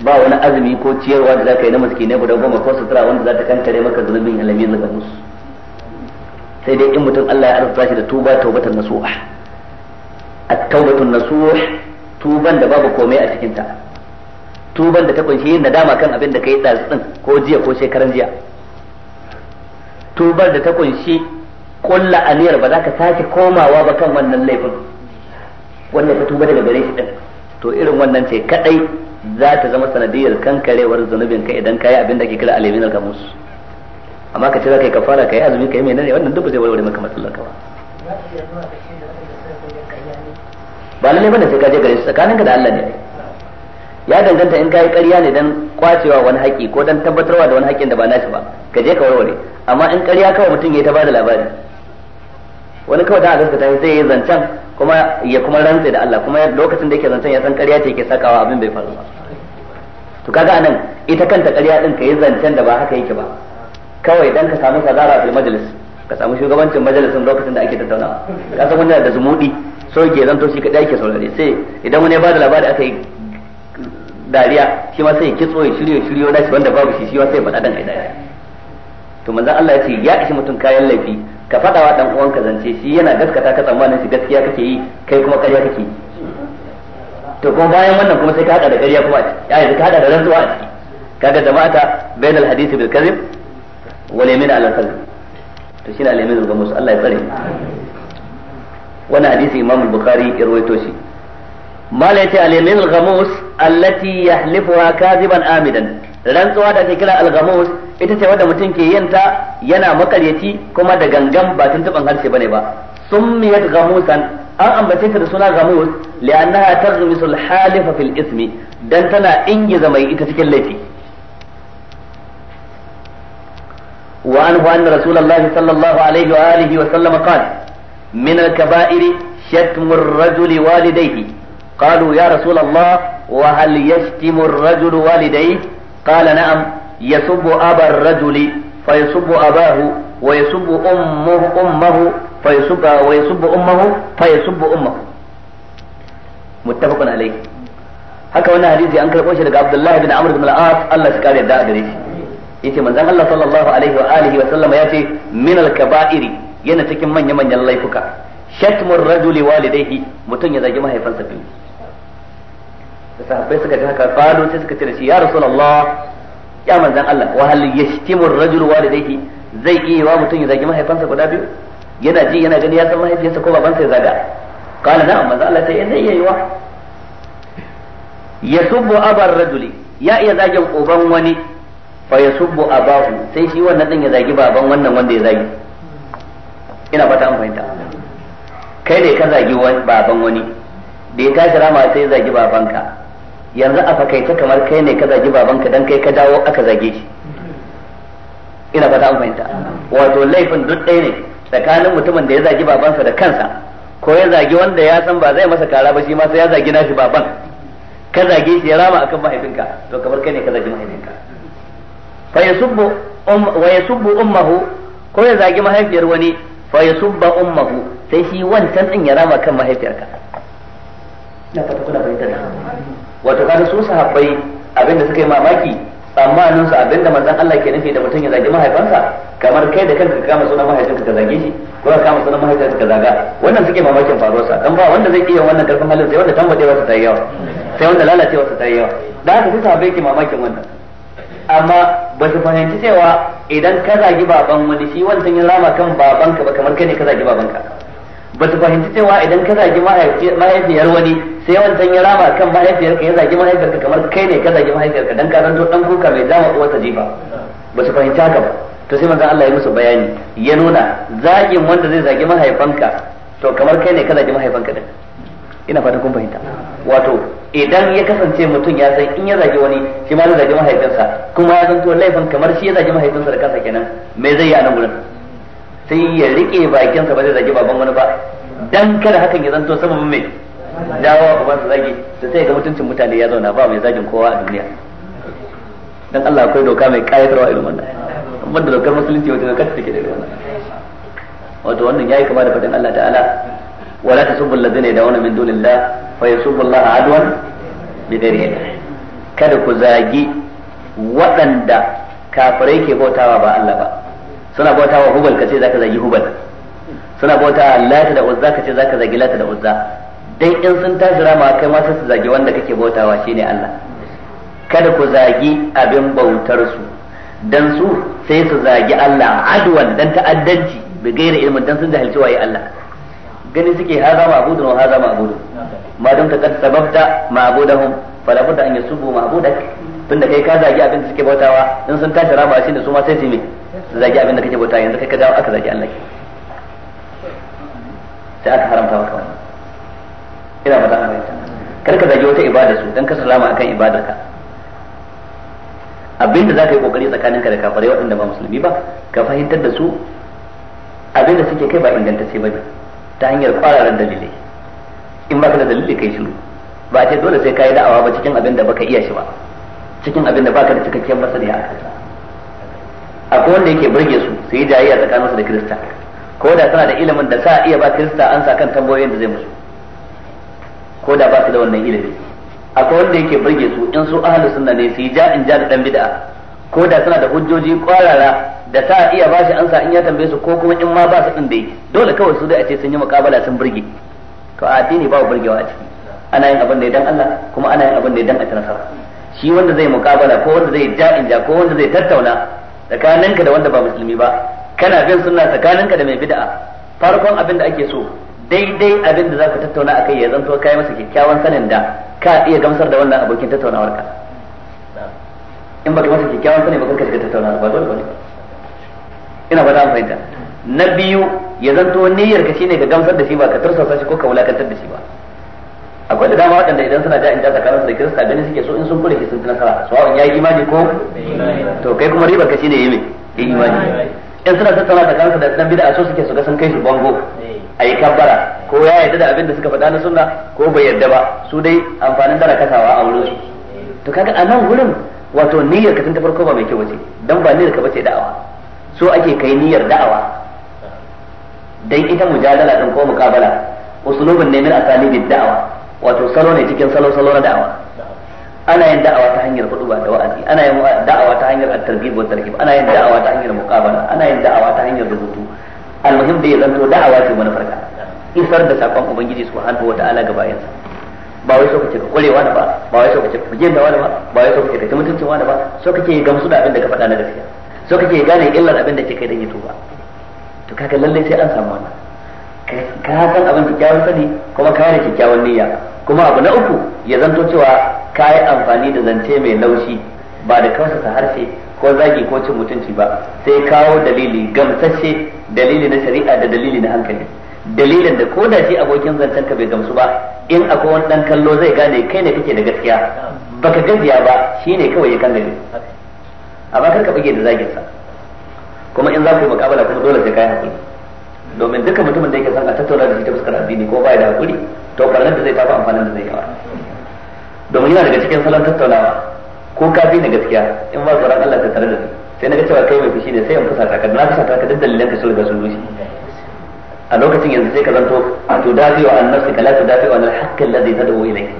ba wani azumi ko ciyarwa da zaka yi na ne gudan goma ko sutura wanda za ta kankare maka zunubin alami zaka musu sai dai in mutum Allah ya arzuta shi da tuba taubatan nasuha at-taubatun nasuha tuban da babu komai a cikin ta tuban da ta kunshi yin nadama kan abin da kai ɗazu din ko jiya ko shekaran jiya tubar da ta kunshi kulla aniyar ba za ka sake komawa ba kan wannan laifin wannan ka tuba daga gare shi din to irin wannan ce kadai za ta zama sanadiyar kankarewar zunubin ka idan kayi abin da ke kira alimin alkamus amma ka ce za ka yi ka yi azumi ka yi menene wannan duk ba zai warware maka matsalar ka ba ba lalle bane sai ka je gare su tsakaninka da Allah ne ya danganta in yi ƙarya ne dan kwacewa wani haƙi ko dan tabbatarwa da wani haƙin da ba nashi ba ka je ka warware amma in ƙarya kawai mutum ya ta bada labari wani kawai da azanta ta zai yi zancen kuma ya kuma rantsa da Allah kuma lokacin da yake zancen ya san ƙarya ce yake sakawa abin bai faru ba to kaga anan ita kanta ƙarya din ka yi zancen da ba haka yake ba kawai dan ka samu sadara a majalis ka samu shugabancin majalisin lokacin da ake tattaunawa ka san wannan da zumudi so ke zanto shi kadai ke saurare sai idan wani ya bada labari aka yi dariya shi ma sai ya kitso ya shiryo shiryo na shi wanda babu shi shi ma sai ya faɗa dan aidaya dariya to manzon Allah ya ce ya ishi mutum kayan laifi ka faɗa wa dan uwanka zance shi yana gaskata ka tsammanin shi gaskiya kake yi kai kuma ƙarya kake yi to kuma bayan wannan kuma sai ka hada da ƙarya kuma a ciki ya yanzu ka hada da rantsuwa a ciki kaga ta bainal hadisi bil kadhib wal yamin ala al to shine al yamin ga musu Allah ya tsare wannan hadisi Imam al-Bukhari ya rawaito shi mala yace al-yamin al-ghamus allati yahlifuha kadiban amidan rantsuwa da ake kira al-ghamus ita ce wanda mutum ke yin ta yana makaryaci kuma da gangan ba tuntuban harshe bane ba summiyat ghamusan an ambace ta da suna ghamus li'annaha tarzumisul halifa fil ismi dan tana ingiza mai ita cikin laifi وعنه أن رسول الله صلى الله عليه وآله وسلم قال من الكبائر شتم الرجل والديه قالوا يا رسول الله وهل يشتم الرجل والديه قال نعم يسب أبا الرجل فيسب أباه ويسب أمه أمه فيسب ويسب أمه فيسب أمه متفق عليه haka wannan hadisi an karɓo shi daga Abdullahi bin Amr bin al-As Allah shi kare da gare shi yace manzon Allah sallallahu alaihi wa alihi wa sallama yace min al-kaba'iri yana cikin manya-manyan laifuka shatmur rajuli walidayhi mutum ya zagi mahaifansa biyu da sahabbai suka ji haka qalu sai suka ce da shi ya rasulullah ya manzan Allah wa hal yashtimu ar-rajul walidayhi zai iya wa mutum ya zagi mahaifansa guda biyu yana ji yana gani ya san mahaifiyarsa ko babansa ya zaga qala na manzan Allah sai eh, zai iya yi wa yasubbu abar rajuli ya iya zagin uban wani fa yasubbu abahu sai shi wannan din ya zagi baban wannan wanda ya zagi ina fata an fahimta kai ne ka zagi baban wani da ya tashi rama sai ya zagi babanka yanzu a fakaita kamar kai ne ka zagi babanka dan kai ka dawo aka zage shi ina fata an fahimta wato laifin duk ɗaya ne tsakanin mutumin da ya zagi babansa da kansa ko ya zagi wanda ya san ba zai masa kara ba shi ma sai ya zagi nashi baban ka zage shi ya rama akan mahaifinka to kamar kai ne ka zagi mahaifinka fa yasubbu um wa yasubbu ummuhu ko ya zagi mahaifiyar wani fa yasubba ummuhu sai shi wancan din ya rama kan mahaifiyarka na fata kuna da. wato kada su sahabbai abinda suka yi mamaki tsammanin su abinda manzon Allah ke nufi da mutum ya zagi mahaifansa kamar kai da kanka ka kama sunan mahaifinka ka zage shi ko ka kama sunan mahaifinka ka zaga wannan suke mamakin faruwarsa dan ba wanda zai iya wannan karfin halin sai wanda tambadewa ta yi yawa sai wanda lalacewa ta yi yawa da haka su sahabbai ke mamakin wannan amma ba su fahimci cewa idan ka zagi baban wani shi wancan ya rama kan babanka ba kamar kai ne ka zagi babanka ba ta fahimci cewa idan ka zagi mahaifiyar wani sai wancan ya rama kan mahaifiyar ka ya zagi mahaifiyar ka kamar kai ne ka zagi mahaifiyar ka dan ka zanto dan kuka mai zama ta jifa ba su fahimci haka ba to sai manzon Allah ya musu bayani ya nuna zagin wanda zai zagi mahaifanka to kamar kai ne ka zagi mahaifanka din ina fata kun fahimta wato idan ya kasance mutum ya san in ya zagi wani shi ma zai zagi mahaifinsa kuma ya zanto laifin kamar shi ya zagi mahaifinsa da kansa kenan me zai yi a nan gurin sai ya rike bakinsa ba zai zage baban wani ba dan kada hakan ya zanto sababin mai dawa uban su zage to sai ga mutuncin mutane ya zauna ba mai zagin kowa a duniya dan Allah akwai doka mai kayatarwa irin wannan amma da dokar musulunci wata dokar take da wannan wato wannan yayi kama da fadin Allah ta'ala wala tasubbu alladhina yad'una min dunillah fa yasubbu Allah adwan bighairi ilm kada ku zagi waɗanda kafirai ke bautawa ba Allah ba suna bauta wa hubal kace zaka zagi hubal suna bauta lata da uzza kace zaka zagi lata da uzza dan in sun tashi rama kai ma sai su zagi wanda kake bautawa shine Allah kada ku zagi abin bautar su dan su sai su zagi Allah adwan dan ta'addanci bi gairi ilmin dan sun jahilci waye Allah gani suke haza ma'budun wa haza ma'budun ma dan ta ma sababta ma'budahum fala budda an yasubu ma'budak tunda kai ka zagi abin da suke bautawa in sun tashi rama shine su ma sai su yi zagi abin da kake bauta yanzu kai ka dawo aka zagi Allah sai aka haramta maka wannan ina ba za a kar ka zagi wata ibada su dan ka salama akan ibadarka abinda za ka yi kokari tsakaninka da kafirai waɗanda ba musulmi ba ka fahimtar da su abinda suke kai ba ingantacce ba ta hanyar kwararan dalilai in ba ka da dalili kai shiru ba ce dole sai ka yi da'awa ba cikin abin da baka iya shi ba cikin abin da baka da cikakken masaniya a kansa akwai wanda yake burge su su yi jayayya tsakanin su da Kirista ko da suna da ilimin da sa iya ba Kirista an sa kan tambayoyin da zai musu ko da ba su da wannan ilimi akwai wanda yake burge su in su ahlus sunna ne su yi ja in ja da dan bid'a ko da suna da hujjoji kwarara da sa iya ba shi ansa in ya tambaye su ko kuma in ma ba su din yi dole kawai su dai a ce sun yi muƙabala sun burge to a addini ba burgewa a ciki ana yin abin da dan Allah kuma ana yin abin da ya dan a nasara shi wanda zai muƙabala ko wanda zai ja in ja ko wanda zai tattauna tsakaninka da wanda ba musulmi ba kana bin sunna tsakaninka da mai bid'a farkon abin da ake so daidai abin da zaka tattauna akai ya zanto kai masa kyakkyawan sanin da ka iya gamsar da wannan abokin tattaunawar ka in baka masa kyakkyawan sanin ba kanka shiga tattauna ba dole bane ina ba an fahimta na biyu ya zanto niyyar ka shine ka gamsar da shi ba ka tursasa shi ko ka wulakantar da shi ba akwai da dama waɗanda idan suna ja'in ja tsakanin da kirista ganin suke so in sun kure sun fi nasara sawa'un ya yi imani ko to kai kuma ribar ka shine yi yi imani in suna tattauna tsakanin da dan bid'a so suke su ga sun kai su bango ayi kabbara ko ya yarda da abin da suka faɗa na sunna ko bai yarda ba su dai amfanin dara kasawa a wurin su to kaga a nan wurin wato niyyar ka tun ta farko ba mai kyau bace dan ba niyyar ka bace da'awa so ake kai niyyar da'awa dan ita mujadala din ko mukabala usulubun ne min asalibid da'awa wato salo ne cikin salo salo na da'awa ana yin da'awa ta hanyar ba da wa'azi ana yin da'awa ta hanyar at-targhib wa tarhib ana yin da'awa ta hanyar muqabala ana yin da'awa ta hanyar rubutu almuhim da ya zanto da'awa ce farka isar da sakon ubangiji subhanahu wa ta'ala ga bayansa ba wai so kace ka kware da ba ba wai so kace ka fujin da wani ba ba wai so kace ka mutunci mutuncin wani ba so kace gamsu da abin da ka faɗa na gaskiya so kace gane illar abin da kake da yi to ba to kaga lalle sai an samu wannan ka san abin kyakkyawan sani kuma ka yi kyakkyawan niyya kuma abu na uku ya zanto cewa ka yi amfani da zance mai laushi ba da kausasa harshe ko zagi ko cin mutunci ba sai kawo dalili gamsashe dalili na shari'a da dalili na hankali dalilin da ko da shi abokin zancen ka bai gamsu ba in akwai wani dan kallo zai gane kai ne kake da gaskiya baka gajiya ba shine kawai ya kangare amma kar ka bige da zagin sa kuma in za ku yi mukabala kuma dole sai kai hakuri domin duka mutumin da yake son a tattauna da shi ta fuskar addini ko baya da hakuri to karnan da zai tafi amfanin da zai yawa domin yana daga cikin salon tattaunawa ko ka fi na gaskiya in ba tsoron Allah ka tare da ni sai na ga cewa kai mai fushi ne sai in fusa ta ka na fusa ta ka duk dalilan ka sun riga sun rushe a lokacin yanzu sai ka zanto to wa an nafsi kala la dafi wa al-haqq alladhi tad'u ilayhi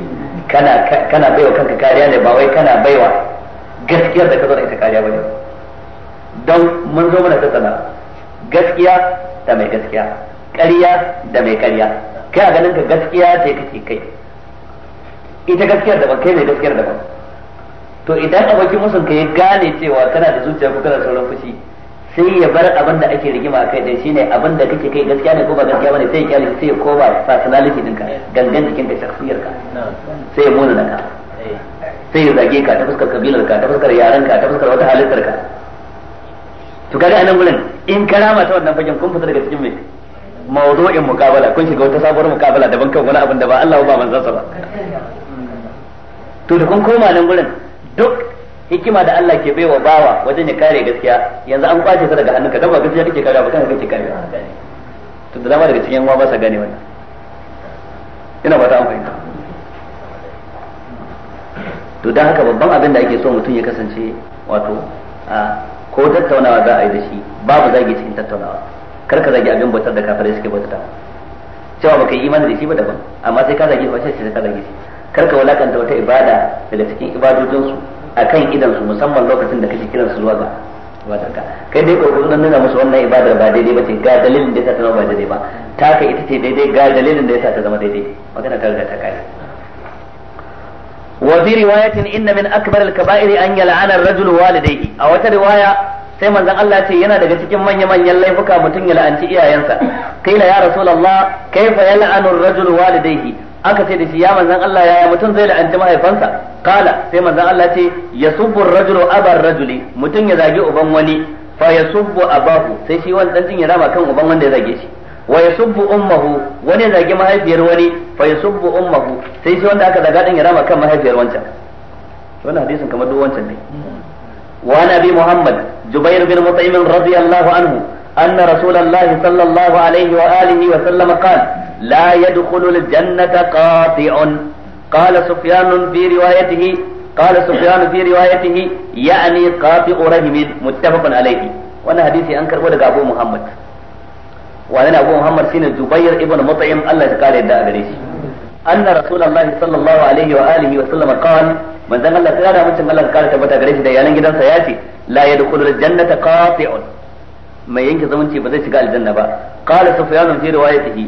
kana kana baiwa kanka kariya ne ba wai kana baiwa gaskiyar da ka zo da ita kariya bane don mun zo mana tattauna gaskiya da mai gaskiya ƙarya da mai ƙarya kai a ganin ka gaskiya ce kace kai ita gaskiyar daban kai mai gaskiyar daban to idan abokin musun ka ya gane cewa kana da zuciya ko kana sauran fushi sai ya bar abin da ake rigima kai dai shine abin da kake kai gaskiya ne ko ba gaskiya bane sai ya kyale sai ya koma personality dinka gangan jikin da shakhsiyar ka sai ya mona ka eh. sai ya zage ka ta fuskar kabilar ka ta fuskar yaran ka ta fuskar wata halittar ka to kaga anan gurin in karama ta wannan fagen kun fita daga cikin mai mawdu'in muqabala kun shiga wata sabuwar muqabala daban kan wani abin da ba Allah ba manzon sa ba to da kun koma nan gurin duk hikima da Allah ke baiwa bawa wajen ya kare gaskiya yanzu an kwace ta daga hannunka dan ba gaskiya kake kare ba kanka kake kare to da dama daga cikin yan uwa ba sa gane wannan ina fata an fahimta to dan haka babban abin da ake so mutum ya kasance wato a ko tattaunawa za a yi da shi babu zagi cikin tattaunawa kar ka zagi abin bautar da kafirai suke bautata cewa baka yi imani da shi ba daban amma sai ka zagi fashe sai ka zagi shi kar ka wulakanta wata ibada daga cikin ibadojinsu akan idan su musamman lokacin da kake kiransu zuwa ga ibadarka kai dai kokarin nuna musu wannan ibadar ba daidai ba ce ga dalilin da yasa ta zama ba daidai ba ta ka ita ce daidai ga dalilin da yasa ta zama daidai magana ta riga ta kai وفي رواية إن من أكبر الكبائر أن يلعن الرجل والديه أو رواية sai manzon Allah ce yana daga cikin manya-manyan laifuka mutum ya la'anci iyayensa kila ya rasulullah kaifa yal'anu ar-rajulu walidayhi aka ce da shi ya manzon Allah yaya mutum zai la'anci mahaifansa kala sai manzon Allah ce yasubbu ar-rajulu abar rajuli mutum ya zagi uban wani fa yasubbu abahu sai shi wannan din ya rama kan uban wanda ya zage shi wa yasubbu ummuhu wani zagi mahaifiyar wani fa yasubbu ummuhu sai shi wanda aka zaga din ya rama kan mahaifiyar wancan wannan hadisin kamar duk wancan ne wa nabi muhammad jubair bin mut'im radiyallahu anhu أن رسول الله صلى الله عليه وآله وسلم قال لا يدخل الجنة قاطع قال سفيان في روايته قال سفيان في روايته يعني قاطع رحم متفق عليه وانا an karbo ودق أبو muhammad. wani na abu muhammad shine zubair ibn mut'im Allah ya kare yadda a gare shi anna rasulullahi sallallahu alaihi wa alihi wa sallam qala manzon Allah ya da mutum Allah ya kare tabbata gare shi ya ce la yadkhulul jannata qati'un mai yanke zumunci ba zai shiga aljanna ba qala sufyan fi riwayatihi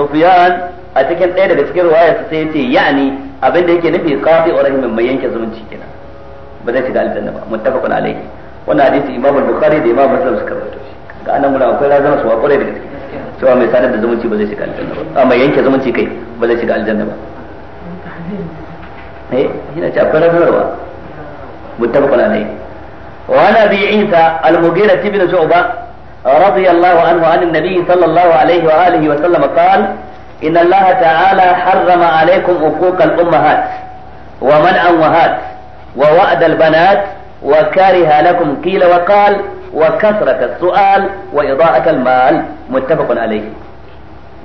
sufyan a cikin ɗaya daga cikin riwayarsa sai yace ya'ni abin da yake nufi qati'u rahimin mai yanke zumunci ba zai shiga wannan hadisi imamu bukhari da imamu muslim suka rawaito shi ga akwai razana su da gaske cewa mai sadar da zumunci ba zai shiga aljanna ba amma yanke zumunci kai ba zai shiga aljanna ba eh yana ce akwai rabarwa muttafaqun alayhi wa ana bi isa al-mughira ibn shu'ba رضي الله عنه عن النبي صلى الله عليه wa وسلم قال إن الله تعالى حرم عليكم wa الأمهات ومنع أمهات ووعد وكثرة السؤال وإضاءة المال متفق عليه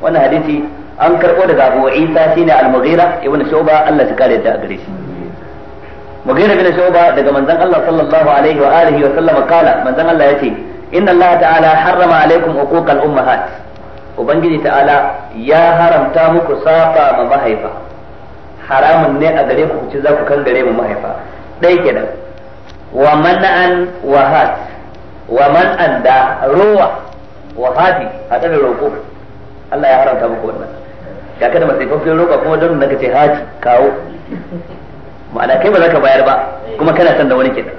وانا حديثي أنكر قول أبو عيسى سين المغيرة ابن شعبة الله تكالي الدأقريش مغيرة بن شعبة دقى من ذنب الله صلى الله عليه وآله وسلم قال من ذنب الله يتي إن الله تعالى حرم عليكم حقوق الأمهات Ubangiji ta'ala ya haramta muku saba ma mahaifa haramun ne a gare ku ci za ku kan gare mu mahaifa ɗaya kenan wa mana'an wa hat wa man anda rowa wa hadi hada da roƙo Allah ya haramta muku wannan ga kada masifafin roƙa kuma don naka ce hadi kawo ma'ana kai ba za ka bayar ba kuma kana son da wani kenan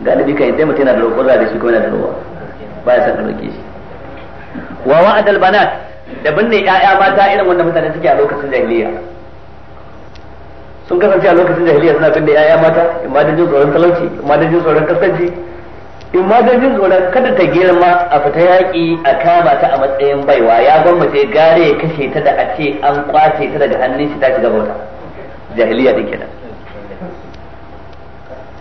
galibi kai dai mutum yana da roƙo za da shi kuma da ruwa. ba ya san ka roƙe shi wa wa'adal banat da binne 'ya'ya mata irin wanda mutane suke a lokacin jahiliya sun kasance a lokacin jahiliya suna bin da yaya mata in ma dan jin tsoron talauci in ma dan jin tsoron kaskanci in ma dan jin tsoron kada ta girma a fita yaƙi a kama ta a matsayin baiwa ya gwamnati gare ya kashe ta da a ce an kwace ta daga hannun shi ta shiga bauta jahiliya din kenan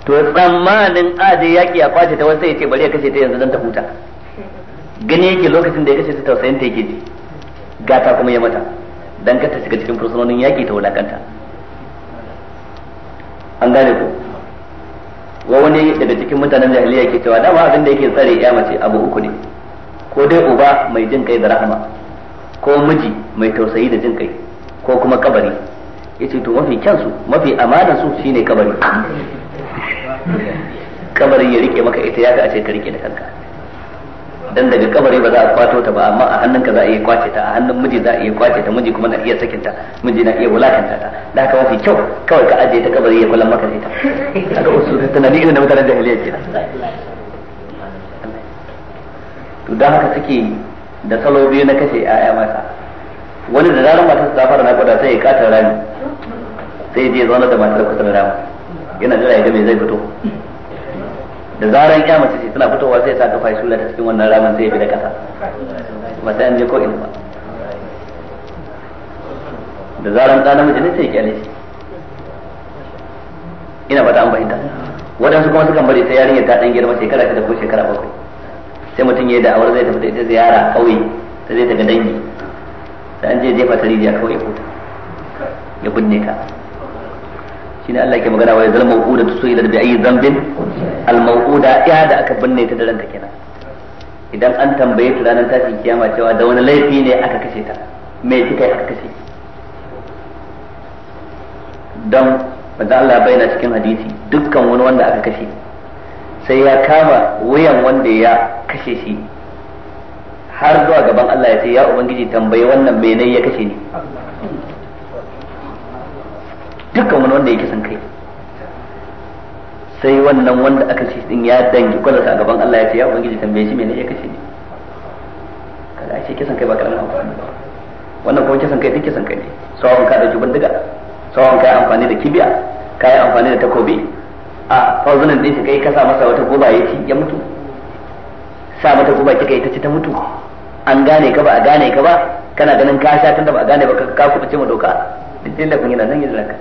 to tsammanin aje yaƙi a kwace ta wasu ya ce bari ya kashe ta yanzu don ta huta gani yake lokacin da ya kashe ta tausayin ta yake ji gata kuma ya mata dan kar ta shiga cikin fursunonin yaƙi ta wulakanta an gane ku wa wani daga cikin mutanen jahiliya ke cewa dama abin da yake tsare ya mace abu uku ne ko dai uba mai jin kai da rahama ko miji mai tausayi da jin kai ko kuma kabari yace to mafi kyansu mafi amanar su shine kabari kabari ya rike maka ita ya ga a ce ka rike da kanka dan daga kabari ba za a kwato ta ba amma a hannunka za a iya kwace ta a hannun miji za a iya kwace ta miji kuma na iya sakin ta miji na iya wulakanta ta da haka mafi kyau kawai ka ajiye ta kabari ya kula maka ita daga wasu tunani irin da mutanen jahiliya ke to da haka suke da salo biyu na kashe ƴaƴa mata wani da zarar matar ta fara na kwada sai ya kata rami sai ya je zauna da matar kusa da rami yana jira ya ga me zai fito da zaran ya mace ce tana fitowa sai ta kafa shi ta cikin wannan ramin sai ya bi da kasa ba sai an je ko ina ba da zaran ɗan namiji ne sai ya kyale shi ina ba an bayyana waɗansu kuma sukan bari sai yarinyar ta ɗan girma shekara shida ko shekara bakwai sai mutum ya yi da'awar zai tafi da ita ziyara ƙauye ta zai ga dangi sai an je jefa ta rijiya kawai ya ya binne ta shine Allah yake magana wa zal mawquda da bi ayi zambin al mawquda ya da aka binne ta da ranka kenan idan an tambaye ta ranar tashin kiyama cewa da wani laifi ne aka kashe ta me kika aka kashe dan wanda Allah bayyana cikin hadisi dukkan wani wanda aka kashe sai ya kama wayan wanda ya kashe shi har zuwa gaban Allah ya ce ya ubangiji tambaye wannan menene ya kashe ni dukkan wani wanda yake san kai sai wannan wanda aka ce din ya dangi kwalata a gaban Allah ya ce ya ubangiji tambaye shi menene ya kace ni kaga ce kisan kai ba karamin amfani ba wannan kuma kisan kai duk kisan kai ne sawan ka da dauki bindiga sawan ka yi amfani da kibiya ka yi amfani da takobi a fazunan din shi kai ka sa masa wata guba ya ya mutu sa mata guba kika ta ce ta mutu an gane ka ba a gane ka ba kana ganin ka sha tunda ba a gane ba ka kuɓuce mu doka duk lallafin yana nan yin laka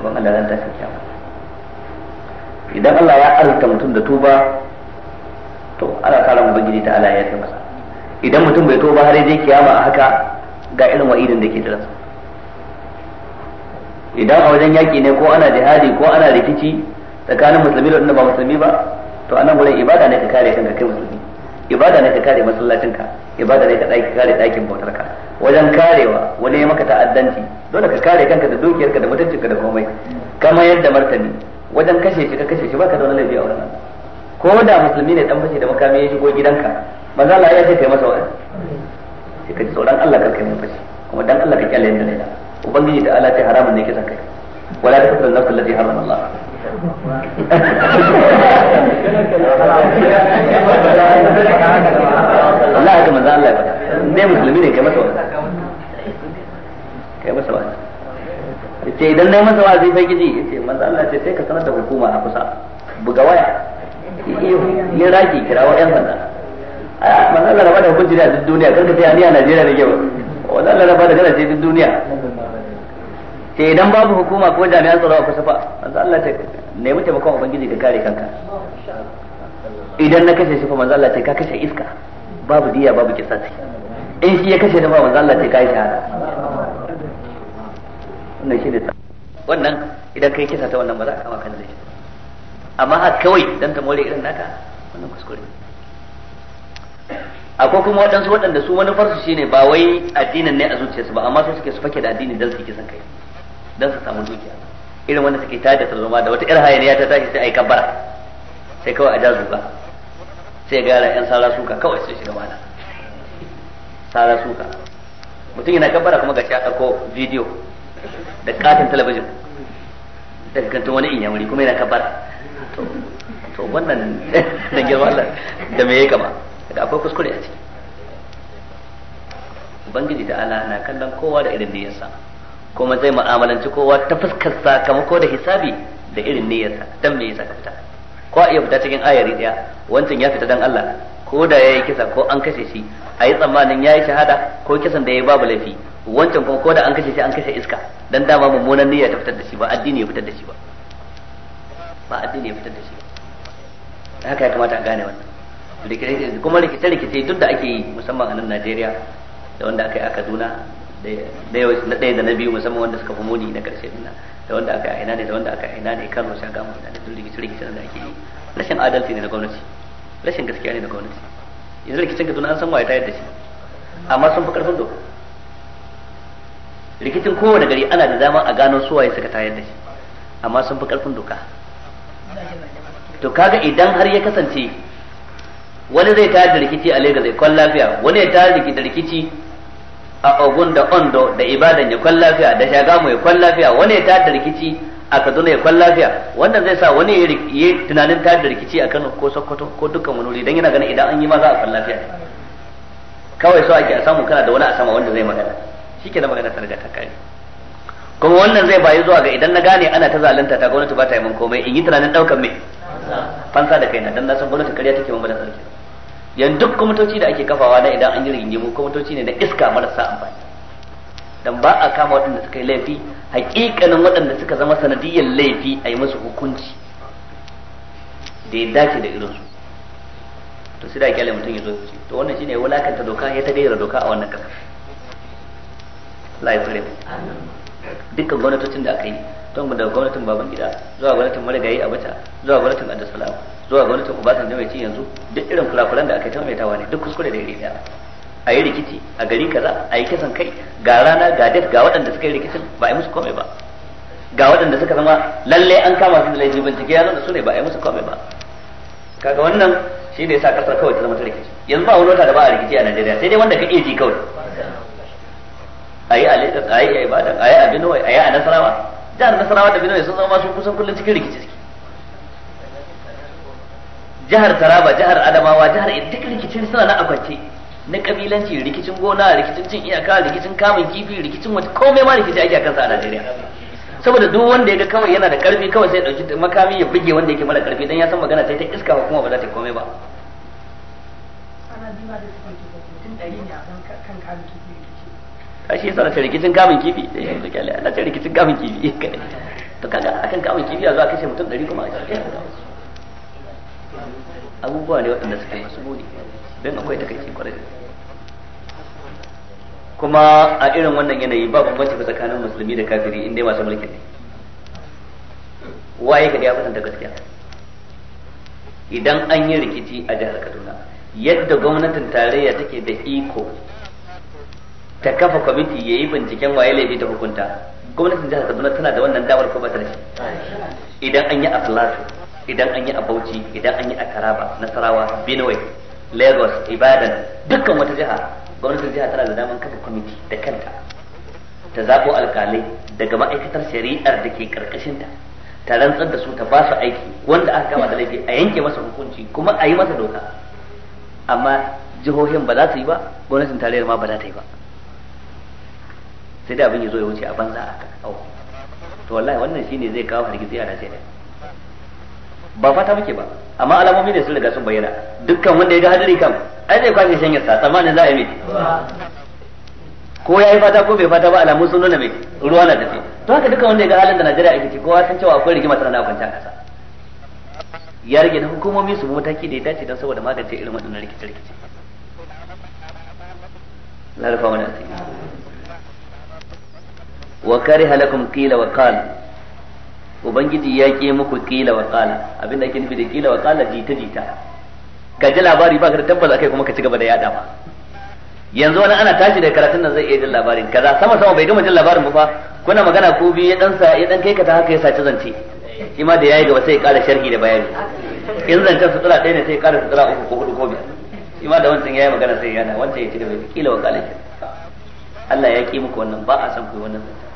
gaban Allah ran tafi kiyama idan Allah ya alka mutum da tuba to ana kara bangiji ta Allah ya yi masa idan mutum bai tuba har yaje kiyama a haka ga irin wa'idin da ke su, idan a wajen yaki ne ko ana jihadi ko ana rikici tsakanin musulmi da wanda ba musulmi ba to anan gurin ibada ne ka kare kanka kai musulmi ibada ne ka kare masallacin ka ibada ne ka kare ɗakin bautar ka wajen karewa wani ya maka ta'addanci dole ka kare kanka da dukiyarka da mutuncinka da komai kamar yadda martani wajen kashe shi ka kashe shi baka da wani laifi a wurin ko da musulmi ne dan fashe da makami ya shigo gidanka manzo Allah ya ce kai masa wa'azi sai ka ji tsoron Allah kar kai mun fashi kuma dan Allah ka kyale ni da ubangiji da Allah ta haramun ne kisan kai wala ta fara nafsu allati harama Allah Allah haka manzo Allah ya faɗa dai musulmi ne kai masa wani kai masa wani ce idan nayi masa wa'azi sai gidi yace manzo Allah ce sai ka sanar da hukuma a kusa buga waya yi raki kirawo yan sanda manzo Allah raba da hukunci duk duniya kar ka sai a Najeriya da yau manzo Allah raba da gana ce duniya ke eh, idan babu hukuma ko jami'an tsaro a kusa fa manzo Allah ce nemi taimakon ubangiji ka kare kanka idan na kashe shi fa manzo Allah ce ka kashe iska babu diya babu kisasi in shi ya kashe ta fa manzo Allah ce kai shahada wannan shi ne wannan idan kai kisa ta wannan ba za ka kama kan zai amma har kawai dan ta more irin naka wannan kuskure akwai kuma waɗansu waɗanda su manufarsu shine ba wai addinin ne a zuciyarsu ba amma sai suke su fake da addinin dan su kisan kai don su samu dukiya irin wanda take tada tarzoma da wata irin hayaniya ta tashi sai ai kabbara sai kawai a ja zuba sai gara yan sara suka kawai sai shiga mana sara suka mutum yana kabbara kuma shi a ko bidiyo da katin talabijin da gantun wani inyamuri kuma yana kabbara to wannan da girma Allah da me ya kama da akwai kuskure a ciki ubangiji da na kallon kowa da irin niyyarsa kuma zai mu'amalanci kowa ta fuskar sakamako da hisabi da irin niyyarsa dan me yasa ka fita ko a iya fita cikin ayari daya wancan ya fita dan Allah ko da yayi kisa ko an kashe shi a yi tsammanin yayi shahada ko kisan da yayi babu laifi wancan kuma ko da an kashe shi an kashe iska dan dama mummunan niyya ta fitar da shi ba addini ya fitar da shi ba ba addini ya fitar da shi ba haka ya kamata a gane wannan kuma rikice-rikice duk da ake yi musamman a nan Najeriya da wanda aka yi a Kaduna na ɗaya da na biyu musamman wanda suka fi muni na ƙarshe dinnan da wanda aka aina ne da wanda aka aina ne kano sha gama da duk rikici rikici da ake yi rashin adalci ne na gwamnati rashin gaskiya ne na gwamnati yanzu rikicin kaduna an san waye tayar da shi amma sun fi ƙarfin doka rikicin kowane gari ana da dama a gano su waye suka tayar da shi amma sun fi ƙarfin doka to kaga idan har ya kasance wani zai tayar da rikici a Legas zai kwan lafiya wani ya tayar da rikici a ogun da ondo da ibadan ya kwan lafiya da shagamu ya kwan lafiya wani ya tada rikici a kaduna ya kwan lafiya wannan zai sa wani ya yi tunanin tada rikici a kano ko sokoto ko dukkan wani wuri don yana ganin idan an yi ma za a kwan lafiya kawai so ake a samu kana da wani a sama wanda zai magana shi ke da magana ta ta kare kuma wannan zai bayi zuwa ga idan na gane ana ta zalunta ta gwamnati ba ta yi min komai in yi tunanin ɗaukan mai fansa da kaina dan na san gwamnati kariya take mun bada da sarki yan duk kwamitoci da ake kafawa na idan an yi rigingimu kwamitoci ne na iska marasa amfani dan ba a kama waɗanda suka yi laifi hakikanin waɗanda suka zama sanadiyyar laifi a yi musu hukunci da ya dace da irinsu to sai da kyale mutum ya zo to wannan shine wulakanta doka ya ta gaira doka a wannan kasar laifin dukkan gwamnatocin da aka yi tun da gwamnatin baban gida zuwa gwamnatin marigayi bata zuwa gwamnatin addasalama zuwa ga wani ba ta mai ci yanzu duk irin kulakulan da aka yi ta maimaitawa ne duk kuskure da iri daya a yi rikici a gari kaza a yi kisan kai ga rana ga dat ga waɗanda suka yi rikicin ba a yi musu komai ba ga waɗanda suka zama lalle an kama su da laifi bincike ya zama su ne ba a yi musu komai ba kaga wannan shi ne sa kasar kawai ta zama ta rikici yanzu ba wani wata da ba a rikici a Najeriya sai dai wanda ka iya ji kawai a yi a Lagos a yi a Ibadan a yi a a yi a Nasarawa jihar Nasarawa da binowai sun zama masu kusan kullum cikin rikici jihar taraba jihar adamawa jihar duk rikicin suna na abace na kabilanci rikicin gona rikicin cin iyaka rikicin kamun kifi rikicin wata komai ma rikici ake kansa a najeriya saboda duk wanda yaga kawai yana da karfi kawai sai dauki makami ya buge wanda yake mara karfi dan ya san magana sai ta iska ba kuma ba za ta komai ba a shi yasa ta rikicin kamun kifi da eh, yanzu kyale ana ta rikicin kamun kifi to kaga akan kamun kifi a zuwa kashe mutum ɗari kuma a cikin abubuwa ne waɗanda suka yi masu muni don akwai takaici kwarai kuma a irin wannan yanayi ba bambanci ba tsakanin musulmi da kafiri in dai masu mulkin ne waye ka ya kwatanta gaskiya idan an yi rikici a jihar Kaduna yadda gwamnatin tarayya take da iko ta kafa kwamiti ya yi binciken waye laifi ta hukunta gwamnatin jihar Kaduna tana da wannan damar ko ba ta da shi. idan an yi asalatu idan an yi a Bauchi idan an yi a Taraba Nasarawa Benue Lagos Ibadan dukkan wata jiha gwamnatin jiha tana da daman kafa kwamiti da kanta ta zabo alkalai daga ma'aikatar shari'ar da ke karkashin ta ta rantsar da su ta ba su aiki wanda aka kama da laifi a yanke masa hukunci kuma a yi masa doka amma jihohin ba za su yi ba gwamnatin tarayyar ma ba za ta yi ba sai da abin ya zo ya wuce a banza a kawo to wallahi wannan shine zai kawo hargitsi a Najeriya ba fata muke ba amma alamomi ne sun riga sun bayyana dukkan wanda ya ga hadari kan ai zai kwace shan yasa tsammanin za a yi mai ko ya yi fata ko bai fata ba alamun sun nuna mai ruwa na tafi to haka dukkan wanda ya ga halin da Najeriya ake ciki kowa san cewa akwai rigima tana na kwanta kasa ya rage da hukumomi su mataki da ya dace don saboda magance irin waɗannan rikice-rikice na rufa wani asiri wa kare halakum kila wa kala ubangiji ya ke muku kila wa qala abinda ake nufi da kila wa kala jita jita ka ji labari ba ka da tabbas akai kuma ka ci gaba da yada ba yanzu wani ana tashi da karatun nan zai iya jin labarin kaza sama sama bai gama jin labarin ba fa kuna magana ko biyu ya dan sa ya dan kai ka ta haka ya saci zance shi ma da yayi gaba sai ya kara sharhi da bayani in zancen sutura ɗaya ne sai ya kara sutura uku ko hudu ko biyar shi ma da wancan yayi magana sai ya yana wancan ya ci da bai kila wa kala Allah ya ki muku wannan ba a san ku wannan zancen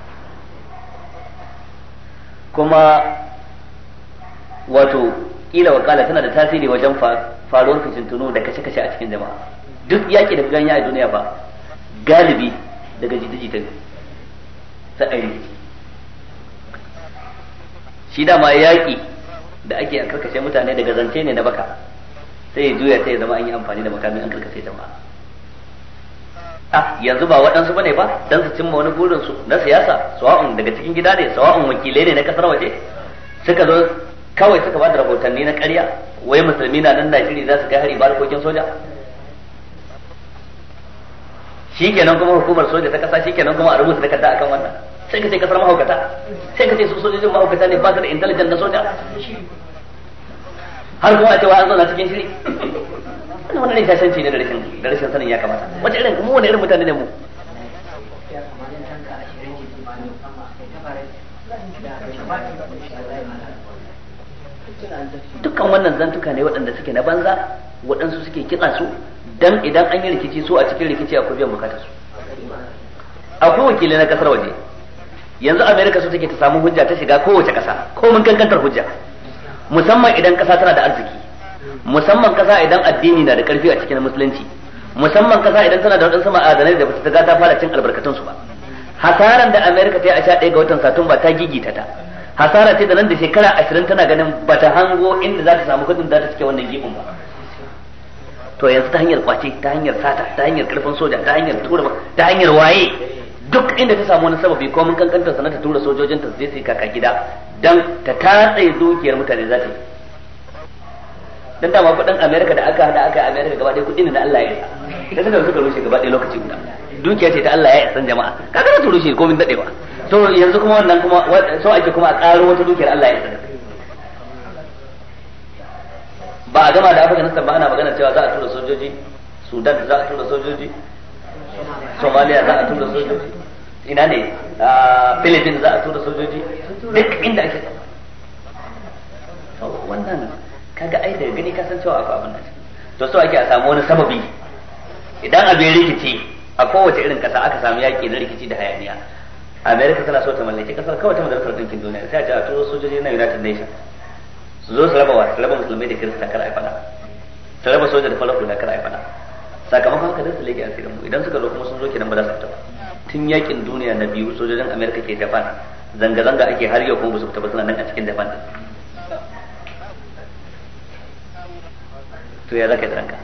kuma wato kila kala tana da tasiri wajen faruwar fitintunu da kashe-kashe a cikin jama'a duk yaƙi da ganye a duniya ba galibi daga jita-jita ta ɗari shi dama yaƙi da ake a karkashe mutane daga zance ne na baka sai ya juya sai ya zama an yi amfani da makamin an karkashe jama'a Ah, yanzu ba waɗansu bane ba dan su cimma wani burin su na siyasa sawa'un daga cikin gida ne sawa'un wakilai ne na kasar waje suka zo kawai suka ba da rahotanni na ƙarya wai musulmi na nan Najeriya za su kai hari ba kokin soja shikenan kuma hukumar soja ta kasa shikenan kuma a rubuta takarda akan wannan sai ka ce kasar mahaukata sai ka ce su sojojin mahaukata ne ba su da intelligence na soja har kuma a cewa an zauna cikin shiri wannan wani irin shashanci ne da rashin da rashin sanin ya kamata wace irin mu wani irin mutane ne mu dukkan wannan zantuka ne waɗanda suke na banza waɗansu suke kitsa su dan idan an yi rikici so a cikin rikici akwai biyan bukatar su akwai wakilai na kasar waje yanzu america su take ta samu hujja ta shiga kowace kasa ko mun kankantar hujja musamman idan kasa tana da arziki musamman kasa idan addini na da karfi a cikin musulunci musamman kasa idan tana da wadansu ma'adanai da bata ga ta fara cin albarkatun su ba hasaran da Amerika ta yi a ɗaya ga watan Satumba ta gigita ta hasara ce da nan da shekara ashirin tana ganin bata hango inda za ta samu kudin da ta cike wannan gibin ba to yanzu ta hanyar kwace ta hanyar sata ta hanyar karfin soja ta hanyar tura ta hanyar waye duk inda ta samu wani sababi ko mun kankanta sana ta tura sojojin ta zai su kaka gida dan ta tatse dukiyar mutane za ta yi dan dama kudin America da aka hada aka America gaba ɗaya kudin da Allah ya yi da suka suka rushe gaba ɗaya lokaci guda dukiya ce ta Allah ya san jama'a kaga ta rushe ko mun dadewa to yanzu kuma wannan kuma so ake kuma a karo wata dukiyar Allah ya yi. ba a gama da na ba ana magana cewa za a tura sojoji Sudan za a tura sojoji Somalia za a tura sojoji ina ne ah, Philippines za a tura sojoji duk inda ake zama wannan kaga ai daga gani kasan cewa akwai abin nan to so ake a samu wani sababi idan abin rikici a kowace irin kasa aka samu yaƙi na rikici da hayaniya america tana so ta mallaki kasar kawai ta majalisar ɗinkin duniya sai a ce a turo sojoji na united Nation su zo su raba wa su raba musulmai da kirista kar a faɗa su raba soja da falafu da kar a faɗa sakamakon haka zai su lege asirin mu idan suka zo kuma sun zo kenan ba za su fita ba tun yakin duniya na biyu sojojin amerika ke japan zanga-zanga ake har yau kuma ba su fita ba suna nan a cikin japan din to ya zaka da ranka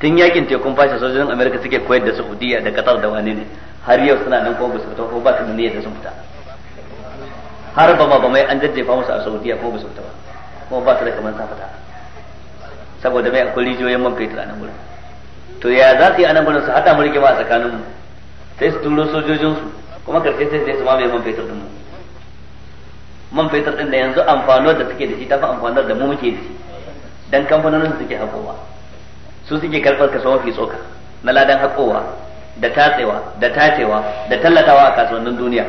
tun yakin tekun fashe sojojin amerika suke koyar da saudiya da katar da wani ne har yau suna nan kuma ba su fita ko ba su da niyyar da sun fita har ba ma ba mai an jajjefa musu a saudiya kuma ba su fita ba kuma ba su da kamar safata saboda mai akwai rijiyoyin man fetur a nan gurin to ya za su yi a nan gurin su haɗa mu rigima a tsakaninmu sai su turo sojojinsu kuma karfe sai sai su mamaye man fetur din mu man fetur din da yanzu amfano da suke da shi ta fi amfanuwar da mu muke da shi dan kamfanonin suke hakowa su suke karɓar kaso mafi tsoka na ladan hakowa da tatsewa da tacewa da tallatawa a kasuwannin duniya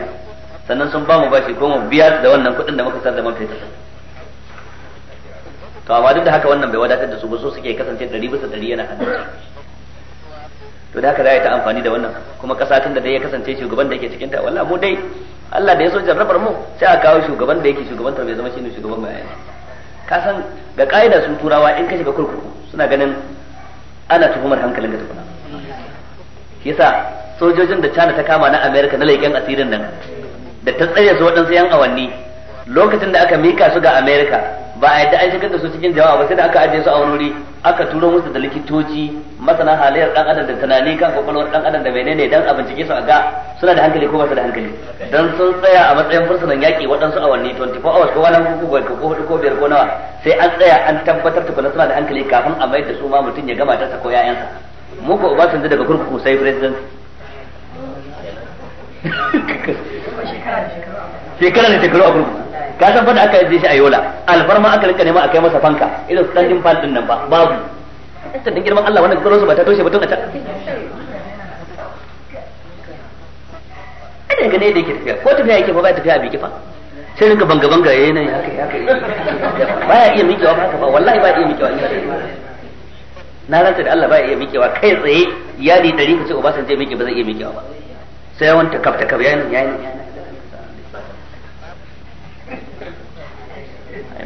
sannan sun ba mu bashi ko mu biya da wannan kuɗin da muka sar da man fetur to amma duk da haka wannan bai wadatar da su ba so suke kasance ɗari bisa ɗari yana hannun to da haka za a yi ta amfani da wannan kuma kasa tun da dai ya kasance shugaban da yake cikin ta wallahi mu dai Allah da ya so jarrabar mu sai a kawo shugaban da yake shugaban bai zama shine shugaban mai ayyana ka san ga ka'ida su turawa in ka shiga kurkuku suna ganin ana tuhumar hankalin da tukuna shi yasa sojojin da China ta kama na America na leƙen asirin nan da ta tsare su waɗansu yan awanni lokacin da aka mika su ga America ba a yadda an shigar da su cikin jama'a ba sai da aka ajiye su a wani wuri aka turo musu da likitoci masana halayyar dan adam da tunani kan kokolwar dan adam da menene dan a bincike su a ga suna da hankali ko ba su da hankali dan sun tsaya a matsayin fursunan yaki waɗansu awanni 24 hours ko wani ko ko ko ko biyar ko nawa sai an tsaya an tabbatar da kuma suna da hankali kafin a mayar da su ma mutum ya gama ta ko yayansa mu ko ba sun daga kurkuku sai president shekara da shekara shekara ne shekaru a gurgu ka san fada aka yi shi a yola alfarma aka rinka nema a kai masa fanka irin su dan fal din nan ba babu ta dan girman Allah wannan tsaron su ba ta toshe ba tun a can ne da yake tafiya ko tafiya yake ba ba tafiya bi kifa sai rinka banga banga eh, yayin nan haka haka baya iya mikewa ba haka ba wallahi baya iya mikewa na ranta da Allah baya iya mikewa kai tsaye iyali dari ka ce je mike ba zai iya mikewa ba sai wani takaf takaf yayin yayin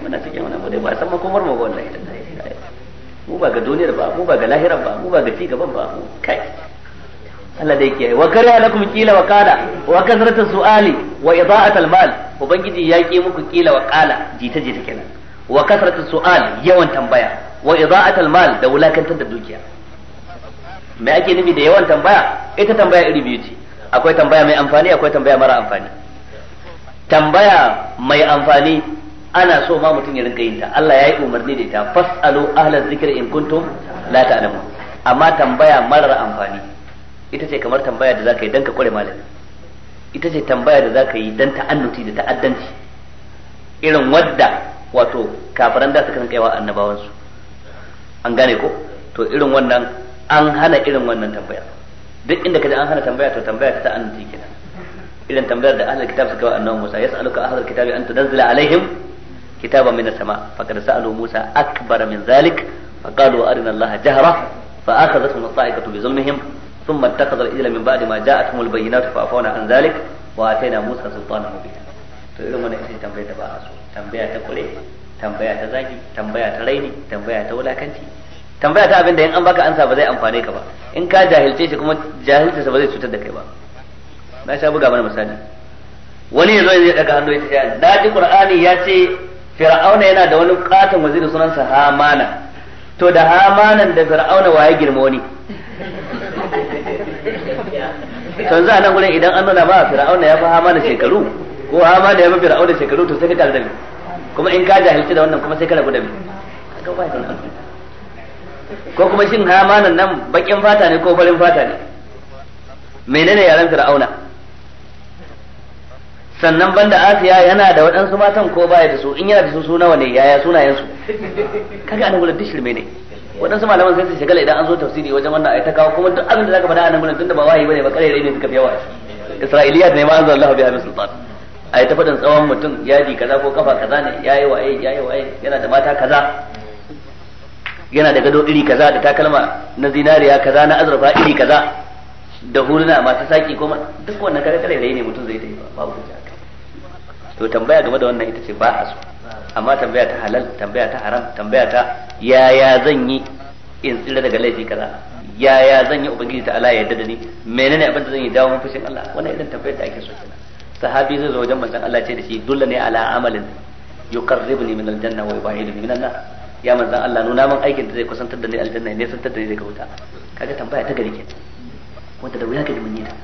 muna cikin wani bude ba san makomar mu wallahi mu ba ga duniyar ba mu ba ga lahirar ba mu ba ga cigaban ba mu kai Allah da yake wa kariya lakum kila wa qala wa kasratu su'ali wa ida'at al-mal ubangiji ya ki muku kila wa qala jita jita kenan wa kasratu su'al yawan tambaya wa ida'at al-mal da wulakantar da dukiya me ake nufi da yawan tambaya ita tambaya iri biyu ce akwai tambaya mai amfani akwai tambaya mara amfani tambaya mai amfani ana so ma mutum ya rinka yin ta Allah ya yi umarni da ita fasalu ahlaz zikri in kuntum la ta'lamu amma tambaya marar amfani ita ce kamar tambaya da zaka yi dan ka kware malami ita ce tambaya da zaka yi dan ta'annuti da ta'addanci irin wadda wato kafiran da suka san kaiwa annabawan su an gane ko to irin wannan an hana irin wannan tambaya duk inda kaje an hana tambaya to tambaya ta ta'annuti kenan irin tambayar da ahlul kitab suka wa annabawan Musa yas'aluka ahlul kitabi an tunzila alaihim kitaban min as-sama faqad sa'alu Musa akbar min zalik faqalu arina Allah jahra tambaya a ta tambaya ta zagi tambaya ta raini tambaya ta wulakanci tambaya ta abin da in an baka ansa ba zai amfane ka ba in ka jahilce shi kuma jahilce sa ba zai cutar da kai ba na sha buga mana misali wani yazo ya daga hannu ya ce na ji qur'ani ya ce fir'auna yana da wani katon waziri sunansa hamana to da hamanan da fir'auna waye girma wani to a nan gurin idan an nuna ba fir'auna ya fi hamana shekaru ko hamana ya fi fir'auna shekaru to sai ka tare da mu kuma in ka jahilci da wannan kuma sai ka rabu da mu ko kuma shin hamanan nan bakin fata ne ko farin fata ne menene yaren fir'auna sannan banda Asiya yana da waɗansu matan ko baya da su in yana da su su nawa ne yaya sunayensu kaga anan gurin dishirme ne waɗansu malaman sai su shagala idan an zo tafsiri wajen wannan ayata kawo kuma duk abin da zaka faɗa anan gurin tunda ba wahayi bane ba kare ne suka fi yawa Isra'iliya ne ma anzal Allah biha min sultan ai ta faɗin tsawon mutum yadi kaza ko kafa kaza ne yayi waye yayi waye yana da mata kaza yana da gado iri kaza da takalma na zinariya kaza na azurfa iri kaza da huluna masu saki ko duk wannan kare kare ne mutum zai yi ba babu hujja to tambaya game da wannan ita ce ba a so amma tambaya ta halal tambaya ta haram tambaya ta yaya zan yi in tsira daga laifi kaza yaya zan yi ubangiji ta Allah ya yarda da ni menene abin da zan yi dawo mun fushin Allah wannan idan tambayar da ake so kenan sahabi zai zo wajen manzon Allah ce da shi dole ne ala amalin yuqarribuni min aljanna wa yubahiduni min annar ya manzon Allah nuna min aikin da zai kusantar da ni aljanna ne santar da ni daga wuta kaga tambaya ta gari kenan wanda da wuya ka ji mun yi ta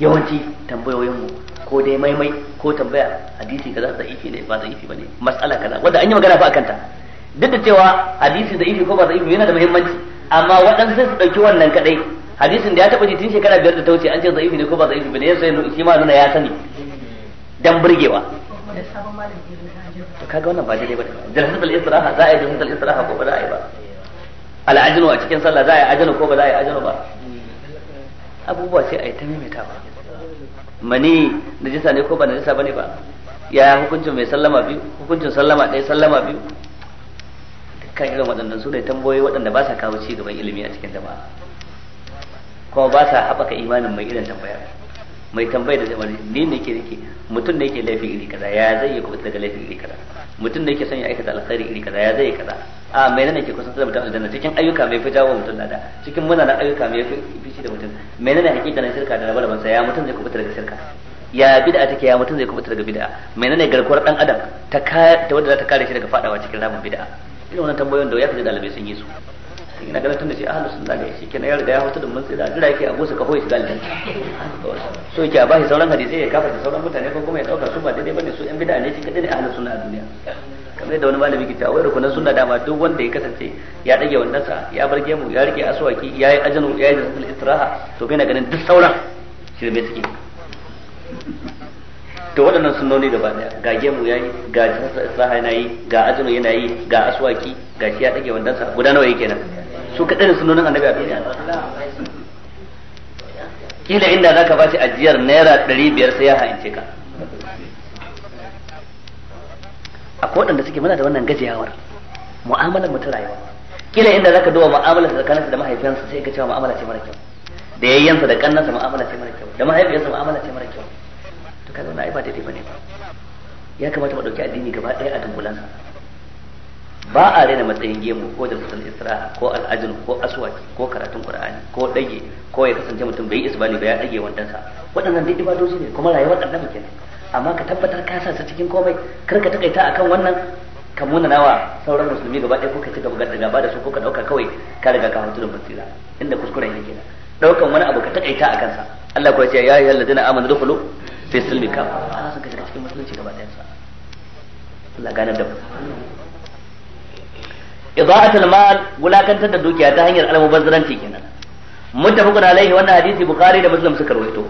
yawanci tambayoyin mu ko dai maimai ko tambaya hadisi kaza da ifi ne ba da ifi bane mas'ala kaza wanda an yi magana fa a kanta duk da cewa hadisi da ifi ko ba da ifi yana da muhimmanci amma waɗansu sai su ɗauki wannan kadai hadisin da ya taɓa ji tun shekara biyar da ta wuce an ce za'ifi ne ko ba za'ifi bane yasa shi ma nuna ya sani dan burgewa to kaga wannan ba daidai ba jalsatul istiraha za a yi jalsatul istiraha ko ba za a yi ba al'ajinu a cikin sallah za a yi ajinu ko ba za a yi ajinu ba abubuwa sai a yi ta ba, mani najisa ne ko ba najisa bane ba ya hukuncin mai sallama biyu hukuncin sallama ɗaya sallama biyu dukkan irin waɗannan su ne tamboyi waɗanda ba sa kawo ci gaban ilimi a cikin jama'a kuma ba sa haɓaka imanin mai irin tambayar mai tambayar da ni ne ke yake mutum ne yake laifi iri kaza ya zai yi kuma daga laifin iri kaza mutum ne yake son ya aikata alkhairi iri kaza ya zai kaza a mai nan ke kusan da mutum aljanna cikin ayyuka mai fi jawo mutum da cikin munanan ayyuka mai fi shi da mutum mai nan na shirka da rabar bansa ya mutum zai kuma daga shirka ya bid'a take ya mutum zai kuma daga bid'a nan garkuwar dan adam ta ta wadda za ta kare shi daga fadawa cikin ramin bid'a ina wannan tambayoyin da ya fi dalibai sun yi su shi na ganin tunda shi ahlus sunna ne shi kenan ya riga ya hoto da mun sai da jira yake a gosa kafo shi zalunta so yake a bashi sauran hadisi ya kafa sauran mutane ko kuma ya dauka su ba daidai bane su yan bid'a ne shi kadai ne ahlus sunna a duniya kamar yadda wani malami kita cewa wai rukunan sunna dama duk wanda ya kasance ya dage sa ya bar mu ya rike aswaki ya yi yayi ya yi da istiraha to kai na ganin duk sauran shi shirme suke to waɗannan sunnoni gaba daya ga gemu ya yi, ga saha yana yi ga azumi yana yi ga aswaki ga shi ya dage sa guda nawa yake nan su kaɗai ne sunnonin annabi a duniya kila inda zaka ba shi ajiyar naira ɗari biyar sai ya ha'ince ka akwai waɗanda suke mana da wannan gajiyawar mu'amalar mutum rayuwa kila inda zaka duba mu'amalar tsakaninsa da mahaifiyarsa sai ka cewa mu'amala ce mara kyau da yayyansa da kannansa mu'amala ce mara kyau da mahaifiyarsa mu'amala ce mara kyau kaga wannan ai ba daidai bane ba ya kamata mu dauki addini gaba ɗaya a dunkulansa ba a raina matsayin gemu ko da jalsatul isra ko al'ajin ko aswaki ko karatun qur'ani ko dage ko ya kasance mutum bai isba ne ba ya dage sa waɗannan dai ibadoji ne kuma rayuwar annabi kenan amma ka tabbatar ka sa cikin komai kar ka takaita akan wannan ka muna nawa sauran musulmi gaba ɗaya ko ka ci gaba da gaba da su ko ka dauka kawai ka riga ka hantu da basira inda kuskuren yake daukan wani abu ka takaita akan sa Allah kuwa ya ce ya ayyuhal ladina amanu dukhulu fi silmika ana son ka da cikin musulunci gaba ɗaya sa Allah gane da idza'atul mal wulakantar da dukiya ta hanyar almubazzaranci kenan muttafaqun alaihi wannan hadisi bukhari da muslim suka rawaito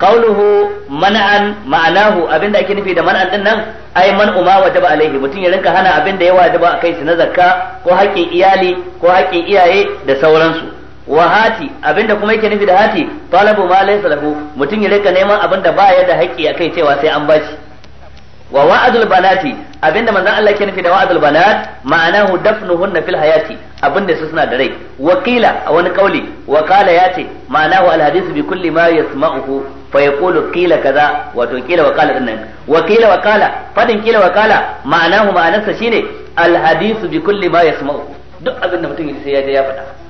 qauluhu man'an ma'anahu abinda ake nufi da man'an din nan ai man umma wajaba alaihi mutum ya rinka hana abinda ya wajaba kai shi na zakka ko haƙƙin iyali ko haƙƙin iyaye da sauransu wa hati abinda kuma yake nufi da hati talabu ma laysa lahu mutum ya rika neman abinda ba ya da haƙƙi akai cewa sai an bashi wa wa'adul banati abinda manzon Allah yake nufi da wa'adul banat ma'anahu dafnuhunna fil hayati abinda su suna da rai wakila a wani kauli wa qala yati ma'anahu al hadith bi kulli ma yasma'uhu fa yaqulu qila kaza wato qila wa qala dinnan wa qila wa qala fadin qila wa qala ma'anahu ma'anarsa shine al hadith bi kulli ma yasma'uhu duk abinda mutum sai ya ya faɗa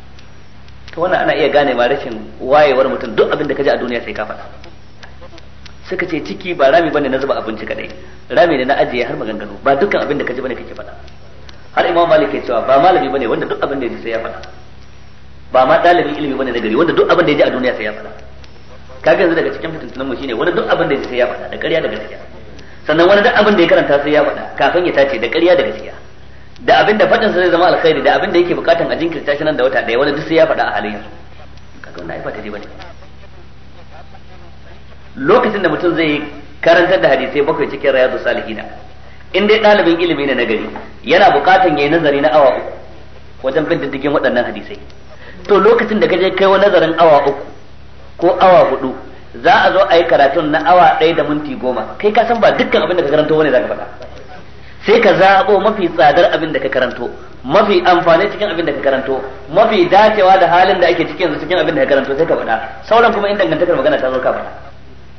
wannan ana iya gane ma rashin wayewar mutum duk abin da ka ji a duniya sai ka faɗa suka ce ciki ba rami bane na zuba abinci kadai rami ne na ajiye har maganganu ba dukkan abin da ka ji bane kake faɗa har imam malik ya cewa ba malami bane wanda duk abin da ya sai ya faɗa ba ma dalibin ilimi bane na gari wanda duk abin da ya a duniya sai ya faɗa kaga yanzu daga cikin fitintunan mu shine wanda duk abin da ya sai ya faɗa da ƙarya da gaskiya sannan wani duk abin da ya karanta sai ya faɗa kafin ya tace da ƙarya da gaskiya da abin da faɗinsa zai zama alkhairi da abin da yake bukatan a jinkirta shi nan da wata ɗaya wani duk sai ya faɗa a halin yanzu kaga wannan ai ba dai bane lokacin da mutum zai karantar da hadisai bakwai cikin riyadu salihina in dai ɗalibin ilimi ne na gari yana bukatan yayi nazari na awa uku wajen bin diddigin waɗannan hadisai to lokacin da kaje kai wani nazarin awa uku ko awa hudu za a zo a yi karatun na awa ɗaya da minti goma kai ka san ba dukkan abin da ka karanta wani zaka faɗa sai ka zaɓo mafi tsadar abin da ka karanto mafi amfani cikin abin da ka karanto mafi dacewa da halin da ake cikin cikin abin da ka karanto sai ka faɗa sauran kuma in dangantakar magana ta zo ka faɗa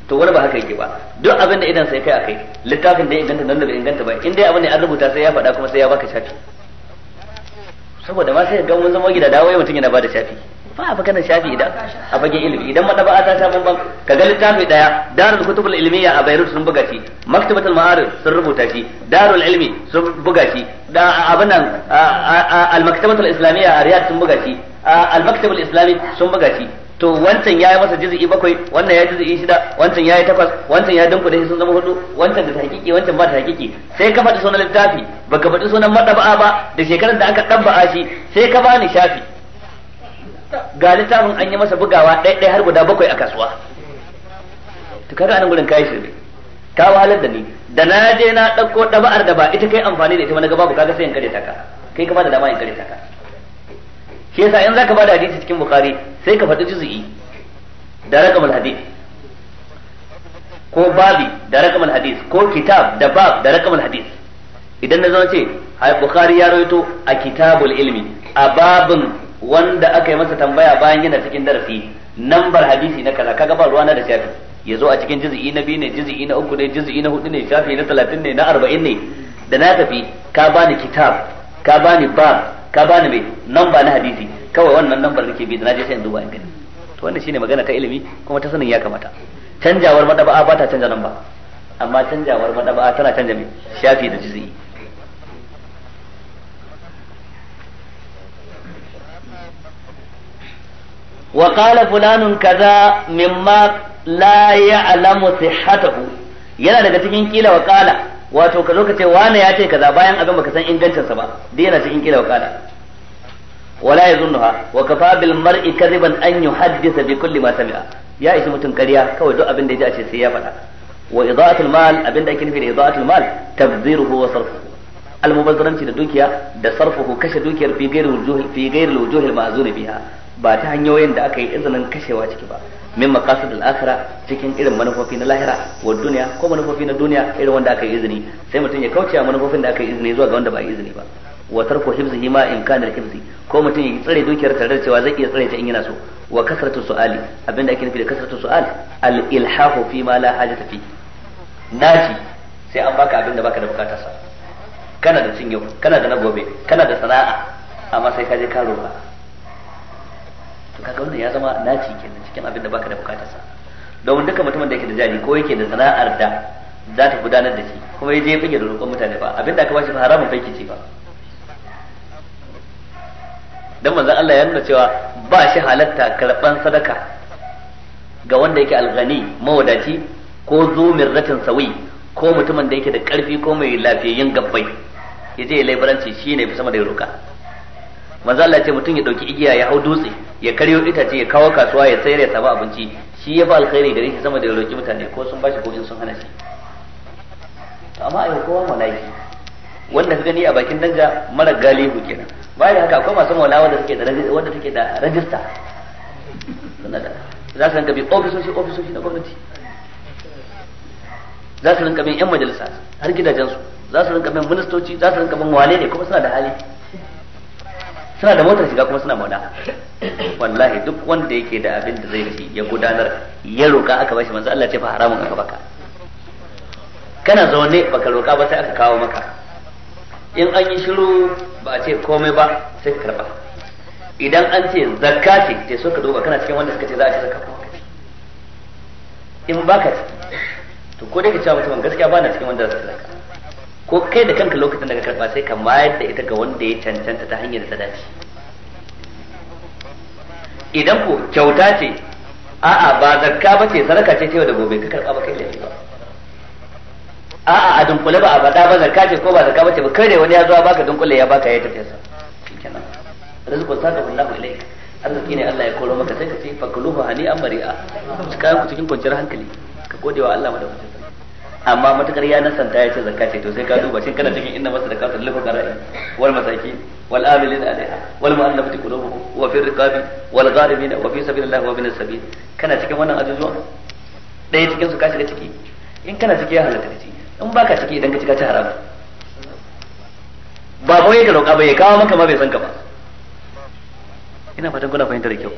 to wani ba haka yake ba duk abin da idan sai kai akai littafin da inganta nan da inganta ba in dai abin da an rubuta sai ya faɗa kuma sai ya baka shafi saboda ma sai ga mun zama gida dawo mutum yana bada shafi Fa a maganar shafi idan a fage ilimi idan madaba ta sha bamban ga littafi daya darul kutubul ilmiya a bayrut sun buga shi maktabatul ma'arif sun rubuta shi darul ilmi sun buga shi da abin nan al maktabatul islamiyya a riyad sun buga shi al maktabul islami sun buga shi to wancan yayi masa juz'i bakwai wannan yayi juz'i shida wancan yayi takwas wancan ya dinkuda shi sun zama hudu wancan da hakiki wancan ba ta hakiki sai ka faɗi sunan littafi baka faɗi sunan madaba ba da shekarar da aka dabba'a shi sai ka bani shafi ga littafin an yi masa bugawa ɗaya ɗaya har guda bakwai a kasuwa to kaga anan gurin kayi shirme ka wahalar da ni da na je na ɗauko ɗaba'ar da ba ita kai amfani da ita wani gaba babu kaga sai in kare ta ka kai ka bada dama in kare ta ka shi yasa in zaka bada hadisi cikin bukhari sai ka faɗi juz'i da raqamul hadith ko babi da raqamul hadith ko kitab da bab da raqamul hadith idan na zama ce bukhari ya rawaito a kitabul ilmi a babin wanda aka yi masa tambaya bayan yana cikin darasi nambar hadisi na kaza kaga ba ruwana da shafi ya zo a cikin juz'i na biyu ne juz'i na uku ne juz'i na hudu ne shafi na talatin ne na arba'in ne da na tafi ka bani kitab ka bani ba ka bani mai namba na hadisi kawai wannan nambar nake bi da na je sai in duba in gani to wannan shine magana ta ilimi kuma ta sanin ya kamata canjawar madaba'a ba ta canja namba amma canjawar madaba'a tana canja mai shafi da juz'i wa qala kaza mimma la ya'lamu yana daga cikin kila wa wato ka zo ka ce wane ya ce kaza bayan abin baka san ingancinsa ba dai yana cikin kila wa qala wala yazunnuha wa kafa bil mar'i kadiban an yuhaddisa bi kulli ma sami'a ya ishi mutum kariya kawai duk abin da ya ce sai ya faɗa wa idaatul mal abin da ake nufi da idaatul mal tabziruhu wa sarfuhu almubazzaranci da dukiya da sarfuhu kashe dukiyar fi ghairi wujuhil fi ghairi biha ba ta hanyoyin da aka yi izinin kashewa ciki ba min maqasid al-akhirah cikin irin manufofi na lahira wa duniya ko manufofi na duniya irin wanda aka yi izini sai mutum ya kauce manufofin da aka yi izini zuwa ga wanda ba yi izini ba wa tarku in kana al hibzi ko mutum ya tsare dukiyar tare da cewa zai iya tsare ta in yana so wa kasratu su'ali abinda ake nufi da kasratu su'al al-ilhahu fi ma la hajata fi naji sai an baka abinda baka da bukata sa kana da cin yau kana da na gobe kana da sana'a amma sai ka je ka roba kaga wannan ya zama naci kenan cikin abin da baka da bukatar domin duka mutumin da yake da jari ko yake da sana'ar da za ta gudanar da shi kuma ya je fage da roƙon mutane ba abin da aka bashi ba haramun fake ce ba dan manzon Allah ya nuna cewa ba shi halatta karban sadaka ga wanda yake alghani mawadaci ko zo mirratin sawi ko mutumin da yake da karfi ko mai lafiyayyen gabbai yaje ya laibaranci shine fi sama da roƙa manzo Allah ce mutum ya dauki igiya ya hau dutse ya karyo itace ya kawo kasuwa ya sayar ya samu abinci shi ya fa alkhairi gare shi sama da ya roki mutane ko sun bashi ko in sun hana shi amma a yau kowa mala'iki wanda ka gani a bakin danga mara galihu kenan bayan haka akwai masu maula wanda suke da wanda suke da rajista suna da za su rinka bin ofisoshi ofisoshi na gwamnati za su rinka bin yan majalisa har gidajensu za su rinka bin ministoci za su rinka bin wane ne kuma suna da hali suna da motar shiga kuma suna mauna wallahi duk wanda yake da abin da zai ci ya gudanar ya roka aka bashi manzo Allah ce fa haramun aka baka kana zaune baka roka ba sai aka kawo maka in an yi shiru ba a ce komai ba sai ka karba idan an ce zakka ce sai so ka duba kana cikin wanda suka ce za a ci zakka in baka ciki to ko dai ka ce mutum gaskiya ba na cikin wanda za su zakka ko kai da kanka lokacin da ka karba sai ka mayar da ita ga wanda ya cancanta ta hanyar dace idan ko kyauta ce a'a ba zakka ba ce sadaka ce yau da gobe ka karba ba kai da ba a'a a dunkule ba a faɗa ba zakka ce ko ba zakka ba ce ba kai da wani ya zo baka dunkule ya baka ya tafi sa shikenan rizqun sadaka Allahu Allah arziki ne Allah ya koro maka sai ka ce fakuluhu hani amari'a kayan ku cikin kwanciyar hankali ka gode wa Allah madaukakin amma matukar ya nasanta ya ce zakka ce to sai ka duba shin kana cikin inna masa kasar lafa fuqara wal masaki wal amilin alaiha wal mu'allafati qulubuhum wa fi riqabi wal gharibin wa fi sabilillahi wa bin sabil kana cikin wannan ajujuwa dai cikin su ka shiga ciki in kana ciki ya halatta ciki in baka ciki idan ka ci ka haram ba boye da roƙa ba ya kawo maka ma bai san ka ba ina fatan kuna fahimtar da kyau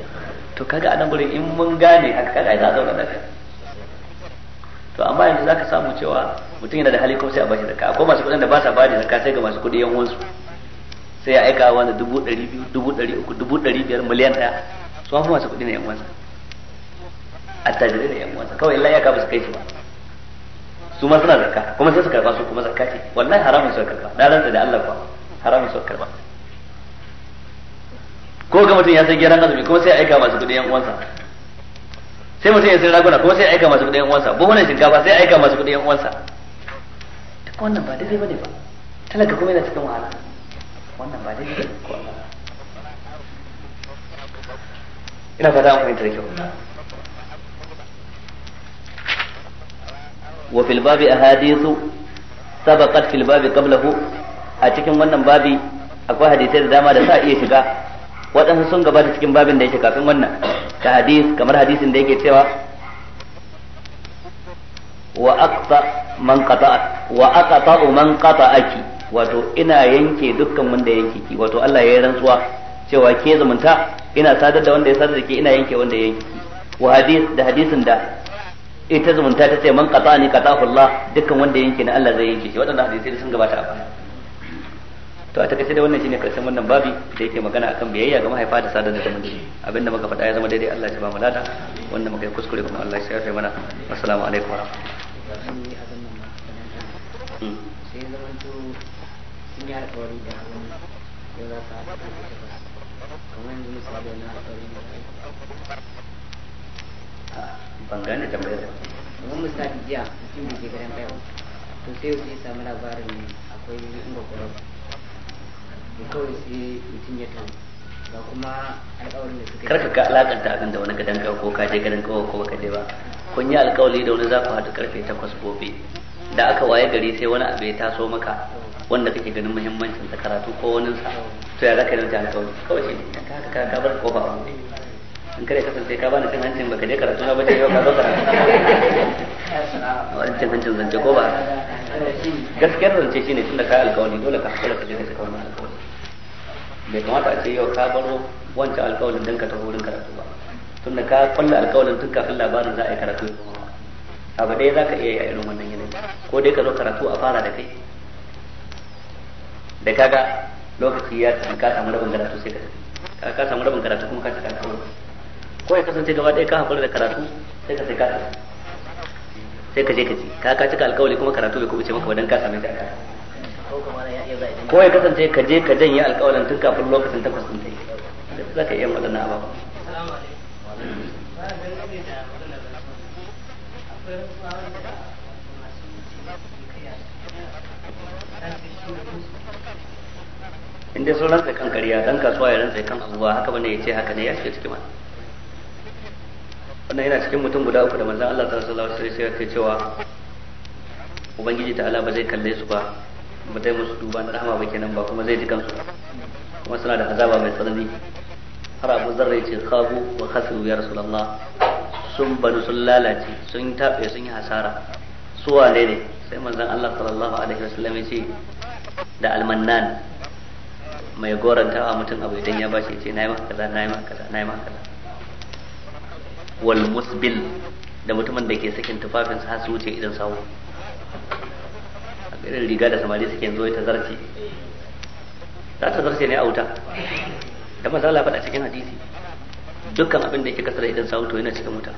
to kaga a nan gurin in mun gane haka kaga ai za a zauna lafiya to amma yanzu zaka samu cewa mutum yana da hali ko sai a bashi zakka akwai masu kuɗin da ba sa bada zakka sai ga masu kuɗi yan wansu sai ya aika wanda dubu ɗari biyu dubu ɗari uku dubu ɗari biyar miliyan ɗaya su hafi masu kuɗi na yan wansa attajirai da yan wansa kawai illa ya ba su kai su ba su ma suna zakka kuma sai su karba su kuma zakka ce wallahi haramun su karba na rantsa da Allah haramun su karba ko ga mutum ya san gyaran azumi kuma sai ya aika masu kuɗi yan uwansa sai mutum ya sai raguna kuma sai aika masu kudin uwansa buhunan shinkafa sai aika masu kudin uwansa duk wannan ba daidai bane ba talaka kuma yana cikin wahala wannan ba daidai ko ko ina fata an fahimta da kyau wa fil babi ahadithu sabaqat fil babi qablahu a cikin wannan babi akwai hadisai da dama da sa iya shiga waɗansu sun gabata cikin babin da yake kafin wannan ta hadis kamar hadisin da yake cewa wa aqta man qata'a wa aqta man qata'aki wato ina yanke dukkan wanda yanke ki wato Allah ya yi rantsuwa cewa ke zumunta ina sadar da wanda ya sadar da ke ina yanke wanda ya yanke ki wa hadis da hadisin da ita zumunta ta ce man qata'ani qata'ahu Allah dukkan wanda yanke ni Allah zai yanke shi waɗannan hadisi sun gabata a baya to a takaice da wannan shine karshen wannan babi da yake magana akan biyayya ga mahaifa da sadar da zumunci abinda muka faɗa ya zama daidai Allah ya ba mu lada wanda muka yi kuskure kuma Allah ya shafe mana assalamu alaikum wa hmm. ah, ban gane tambayar ba kamar misali jiya mutum da ke garin bayan to sai yau sai samu labarin akwai inda kwarar kawai sai mutum ya tawo ga kuma alƙawarin da suka karka ka alakanta abin da wani gadan ka ko ka je gadan ka ko ka je ba kun yi alƙawari da wani za ku haɗu karfe takwas gobe da aka waye gari sai wani abu ya taso maka wanda kake ganin muhimmancin ta karatu ko wani sa to ya zaka rinta alƙawari kawai shi ka ka ka bar kofa a in kare kasance ka bani cin hancin baka je karatu na ba yau ka zo karatu wani cin hancin zance ko ba gaskiyar zance shine tunda ka alƙawari dole ka hakura ka je ka cika wani alƙawari bai kamata a ce yau ka baro wancan alkawalin don ka taho wurin karatu ba tunda ka kulla alkawalin tun kafin labarin za a yi karatu abu ɗaya za ka iya yi a irin wannan yanayi ko dai ka zo karatu a fara da kai da kaga lokaci ya tafi ka samu rabin karatu sai ka tafi ka samu rabin karatu kuma ka cika alkawalin ko ya kasance gaba ɗaya ka haƙura da karatu sai ka sai ka sai ka je ka ci ka ka cika alkawali kuma karatu bai ce maka ba dan ka same ka ko ya kasance ka je ka janye alƙawarin tun kafin lokacin takwas ɗin ta yi za ka iya waɗannan ba ba inda sun rantsa kan kariya dan kasuwa ya rantsa kan abubuwa haka bane ya ce haka ne ya shiga cikin ma wannan yana cikin mutum guda uku da manzon Allah sallallahu alaihi wasallam sai ya ce cewa ubangiji ta'ala ba zai kalle su ba ba zai musu duba na rahama ba kenan ba kuma zai ji kansu kuma suna da azaba mai tsanani har abu zarra ce khabu wa khasiru ya rasulullah sun banu sun lalace sun tafe sun yi hasara su wane ne sai manzon Allah sallallahu alaihi wasallam ya ce da almannan mai goranta a mutum abu idan ya bashi ce nayi maka kaza nayi maka kaza nayi maka wal musbil da mutumin da ke sakin tufafinsu har su wuce idan sawo irin riga da samari suke zo ta zarce za ta zarce ne a wuta da maza Allah faɗa cikin hadisi dukkan abin da yake kasar idan sa wuto yana cikin wuta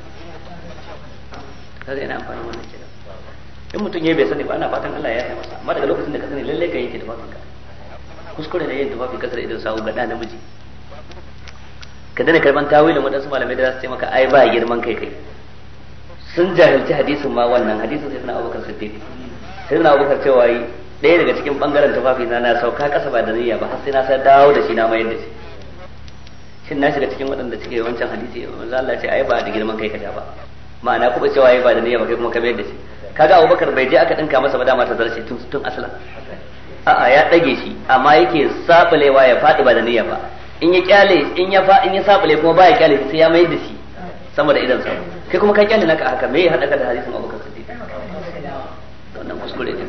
kaga yana amfani wannan kenan in mutum ya bai sani ba ana fatan Allah ya yi masa amma daga lokacin da ka sani lalle ka yanke tufafin ka kuskure ne yin tufafin kasar idan sa ga da namiji ka dana karban tawilin waɗansu malamai da za su ce maka ai ba girman kai kai sun jahilci hadisin ma wannan hadisin sai suna abubakar siddiq sai na abubakar cewa yi ɗaya daga cikin ɓangaren tufafi na na sauka ƙasa ba da niyya ba har sai na sai dawo da shi na mayar da shi shin na shiga cikin waɗanda cike wancan hadisi manzo Allah ce ai ba da girman kai ka ja ba ma'ana kuma cewa yi ba da niyya ba kai kuma ka mayar da shi kaga abubakar bai je aka dinka masa ba dama ta zarce tun tun a'a ya dage shi amma yake sabulewa ya faɗi ba da niyya ba in ya kyale in ya fa in ya sabule kuma ba ya kyale sai ya mayar da shi sama da idan sa kai kuma ka kyale naka haka me ya hada ka da hadisin abubakar wannan kuskure ne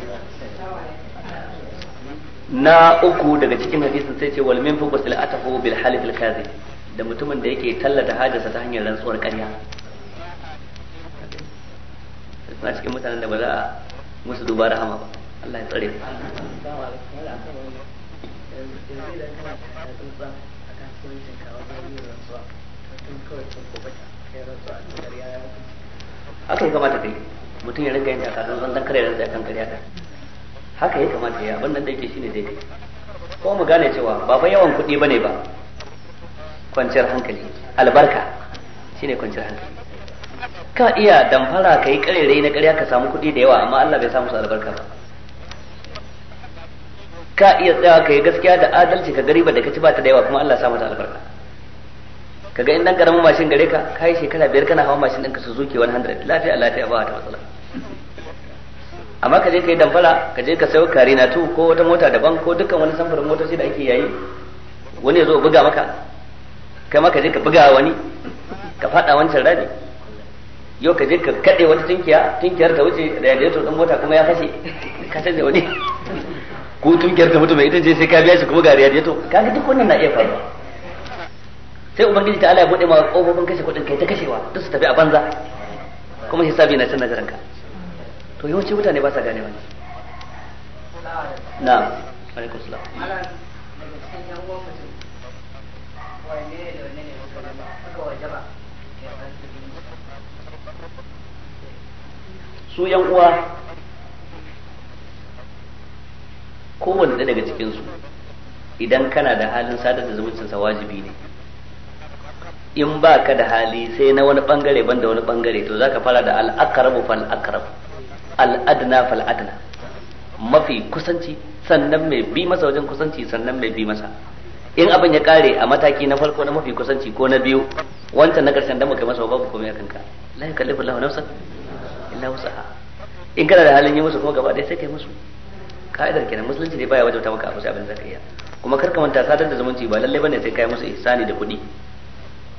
na uku daga cikin hadisin sai ce wal min minfu atahu bil halif al kadhib da mutumin da yake tallata hajarsa ta hanyar rantsuwar ƙarya na cikin mutanen da ba za a musu duba rahama ba Allah ya tsare akan kamata kai mutum ya rinka yin takatun zan kare da kan kariya kan haka ya kamata ya abin nan da yake shine daidai ko mu gane cewa ba fa yawan kuɗi bane ba kwanciyar hankali albarka shine kwanciyar hankali ka iya damfara ka yi karerai na karya ka samu kuɗi da yawa amma Allah bai samu su albarka ba ka iya tsaya ka yi gaskiya da adalci ka gariba da ka ci ba ta da yawa kuma Allah ya samu ta albarka kaga in dan karamin mashin gare ka kai shekara biyar kana hawa mashin ɗinka su zuke 100 lafiya lafiya ba ta matsala amma ka je ka yi damfara ka je ka sayo na tu ko wata mota daban ko dukkan wani samfurin motoci da ake yayi wani ya zo buga maka kai ma ka je ka buga wani ka fada wancan rabi yau ka je ka kade wata tunkiya tunkiyar ta wuce da radiator din mota kuma ya fashe ka canza wani ko tunkiyar ta mutu mai ita ce sai ka biya shi kuma ga radiator kaga duk wannan na iya faruwa sai ubangiji ta'ala ya bude ma kofofin kashe kudin kai ta kashewa duk su tafi a banza kuma hisabi na cin nazarinka to yawanci mutane ba sa gane wani na'am alaikum salam su yan uwa kowanne daga cikinsu idan kana da halin sadar da zumuncinsa wajibi ne in ba ka da hali sai na wani bangare ban da wani bangare to zaka fara da al-aqrabu fal aqrab al-adna fal adna mafi kusanci sannan mai bi masa wajen kusanci sannan mai bi masa in abin ya kare a mataki na farko na mafi kusanci ko na biyu wancan na karshen da muka masa babu komai akan ka la yukallifu Allahu nafsan illa wusaha in kana da halin yi musu kuma gaba ɗaya sai kai musu ka'idar kenan musulunci ne baya wajauta maka abu sai abin zaka iya kuma kar ka manta sadar da zumunci ba lalle bane sai kai musu ihsani da kuɗi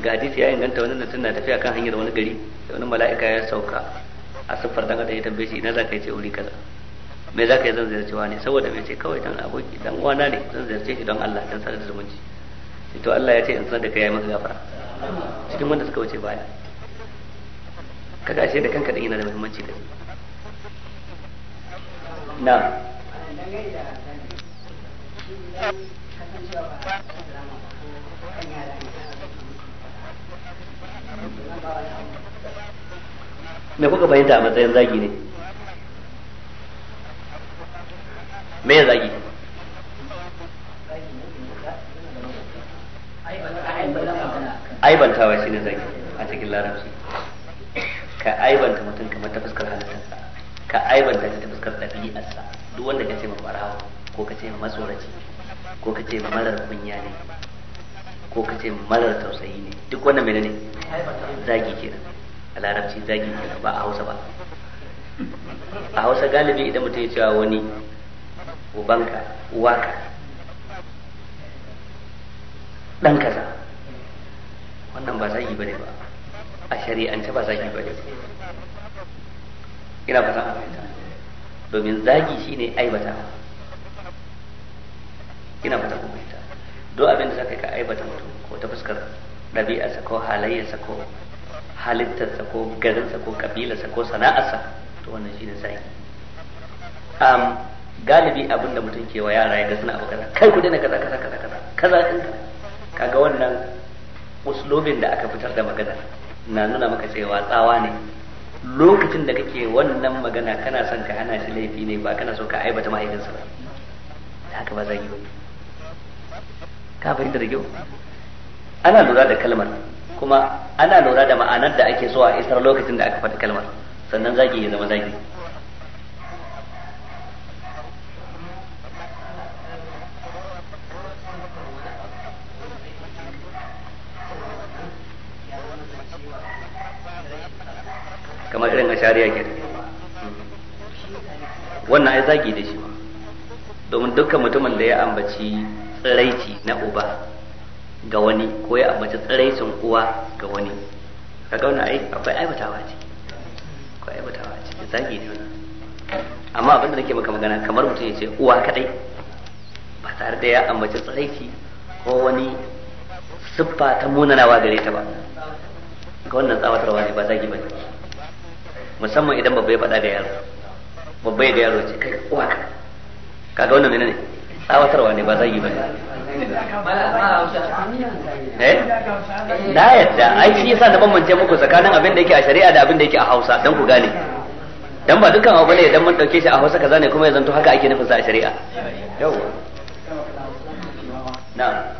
ga hadisi ya inganta wani mutum na tafiya kan hanyar wani gari sai wani mala'ika ya sauka a siffar dan adam ya tambaye shi ina za ka ce wuri kaza me za yi zan ziyarci wani saboda me ce kawai dan aboki dan uwana ne zan ziyarce shi don Allah dan sadar da zumunci to Allah ya ce in sanar da kai ya maka gafara cikin wanda suka wuce baya kaga ashe da kanka din yana da muhimmanci kai na Thank you. me kuka fahimta a matsayin zagi ne me ya zagi aibantawa shine zagi a cikin larabci ka aibanta mutum kamar ta fuskar halittarsa ka aibanta ta fuskar ɗabi'arsa duk wanda ka ce ma ko ka ce ma matsoraci ko ka ce ma marar kunya ne ko kace marar tausayi ne duk wannan ne zagi kenan a larabci zagi kenan ba a Hausa ba a Hausa galibi idan mutum ya cewa wani ubanka uwaka dan kaza wannan ba zagi bane ba a shari'ance ba zagi bane ina fata a fahimta domin zagi shine aibata ina fata kuma duk abin da zaka ka aibata mutum ko ta fuskar ɗabi'arsa ko halayyarsa ko halittarsa ko garinsa ko kabilarsa ko sana'arsa to wannan shine sai um, galibi abin da mutum ke wa yara ya ga suna abu kaza kai ku daina kaza kaza kaza kaza kaza din kaga wannan uslubin da aka fitar da magana na nuna maka cewa tsawa ne lokacin da kake wannan magana kana son ka hana shi laifi ne ba kana so ka aibata mahaifinsa ba haka ba zai yi ba ka fahimta da kyau ana lura da kalmar kuma ana lura da ma'anar da ake so a isar lokacin da aka faɗi kalmar sannan zagi ya zama zagi kamar irin a shari'a ke wannan ai zagi da shi domin dukkan mutumin da ya ambaci tsiraici na uba ga wani ko ya ambaci tsiraicin uwa ga wani ka gauna ai akwai aibatawa ce akwai aibatawa ce da zagi ne amma abinda nake maka magana kamar mutum ya ce uwa kadai ba tare da ya ambaci tsiraici ko wani siffa ta munanawa gare ta ba ga wannan tsawatarwa ne ba zagi ba ne musamman idan babba ya faɗa ga yaro babba ya ga yaro ce kai uwa ka kaga wannan menene ne tsawatarwa ne ba zai yi ba eh na yadda ai shi yasa na bambance muku tsakanin abin da yake a shari'a da abin da yake a Hausa dan ku gane dan ba dukkan abu ne idan mun dauke shi a Hausa kaza ne kuma ya zanto haka ake nufin sa a shari'a yawa na'am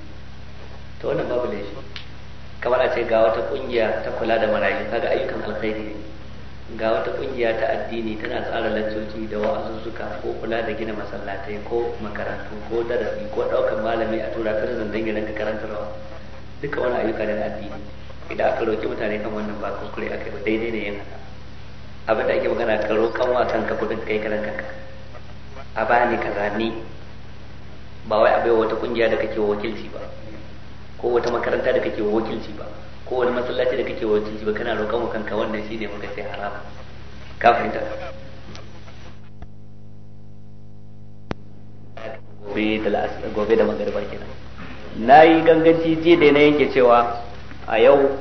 to wannan babu laifi kamar a ce ga wata kungiya ta kula da marayu kaga ayyukan alkhairi ga wata kungiya ta addini tana tsara laccoci da wa'azuzzuka ko kula da gina masallatai ko makarantu ko darasi ko daukan malami a tura prison don gidan ka karantarwa duka wani ayyuka da addini idan aka roƙi mutane kan wannan ba kuskure aka yi daidai ne yin haka abin da ake magana ka roƙan wa kanka kudin kai karan kanka a bani kaza ni ba wai a baiwa wata kungiya da kake wakilci ba ko wata makaranta da kake wakilci ba ko wani masallaci da kake wakilci ba kana roƙon kanka wannan shine maka sai haram ka fahimta gobe da gobe da magariba kenan na yi ganganci jiya da na yanke cewa a yau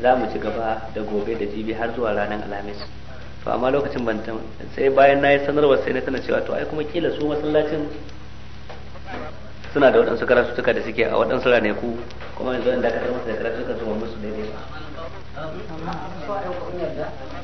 za mu ci gaba da gobe da jibi har zuwa ranar alhamis to amma lokacin ban sai bayan na yi sanarwar sai na tana cewa to ai kuma kila su masallacin suna da waɗansu suka da suke a waɗansu ku kuma yanzu an dakatar masu da karatu suka zuwa musu daidai ba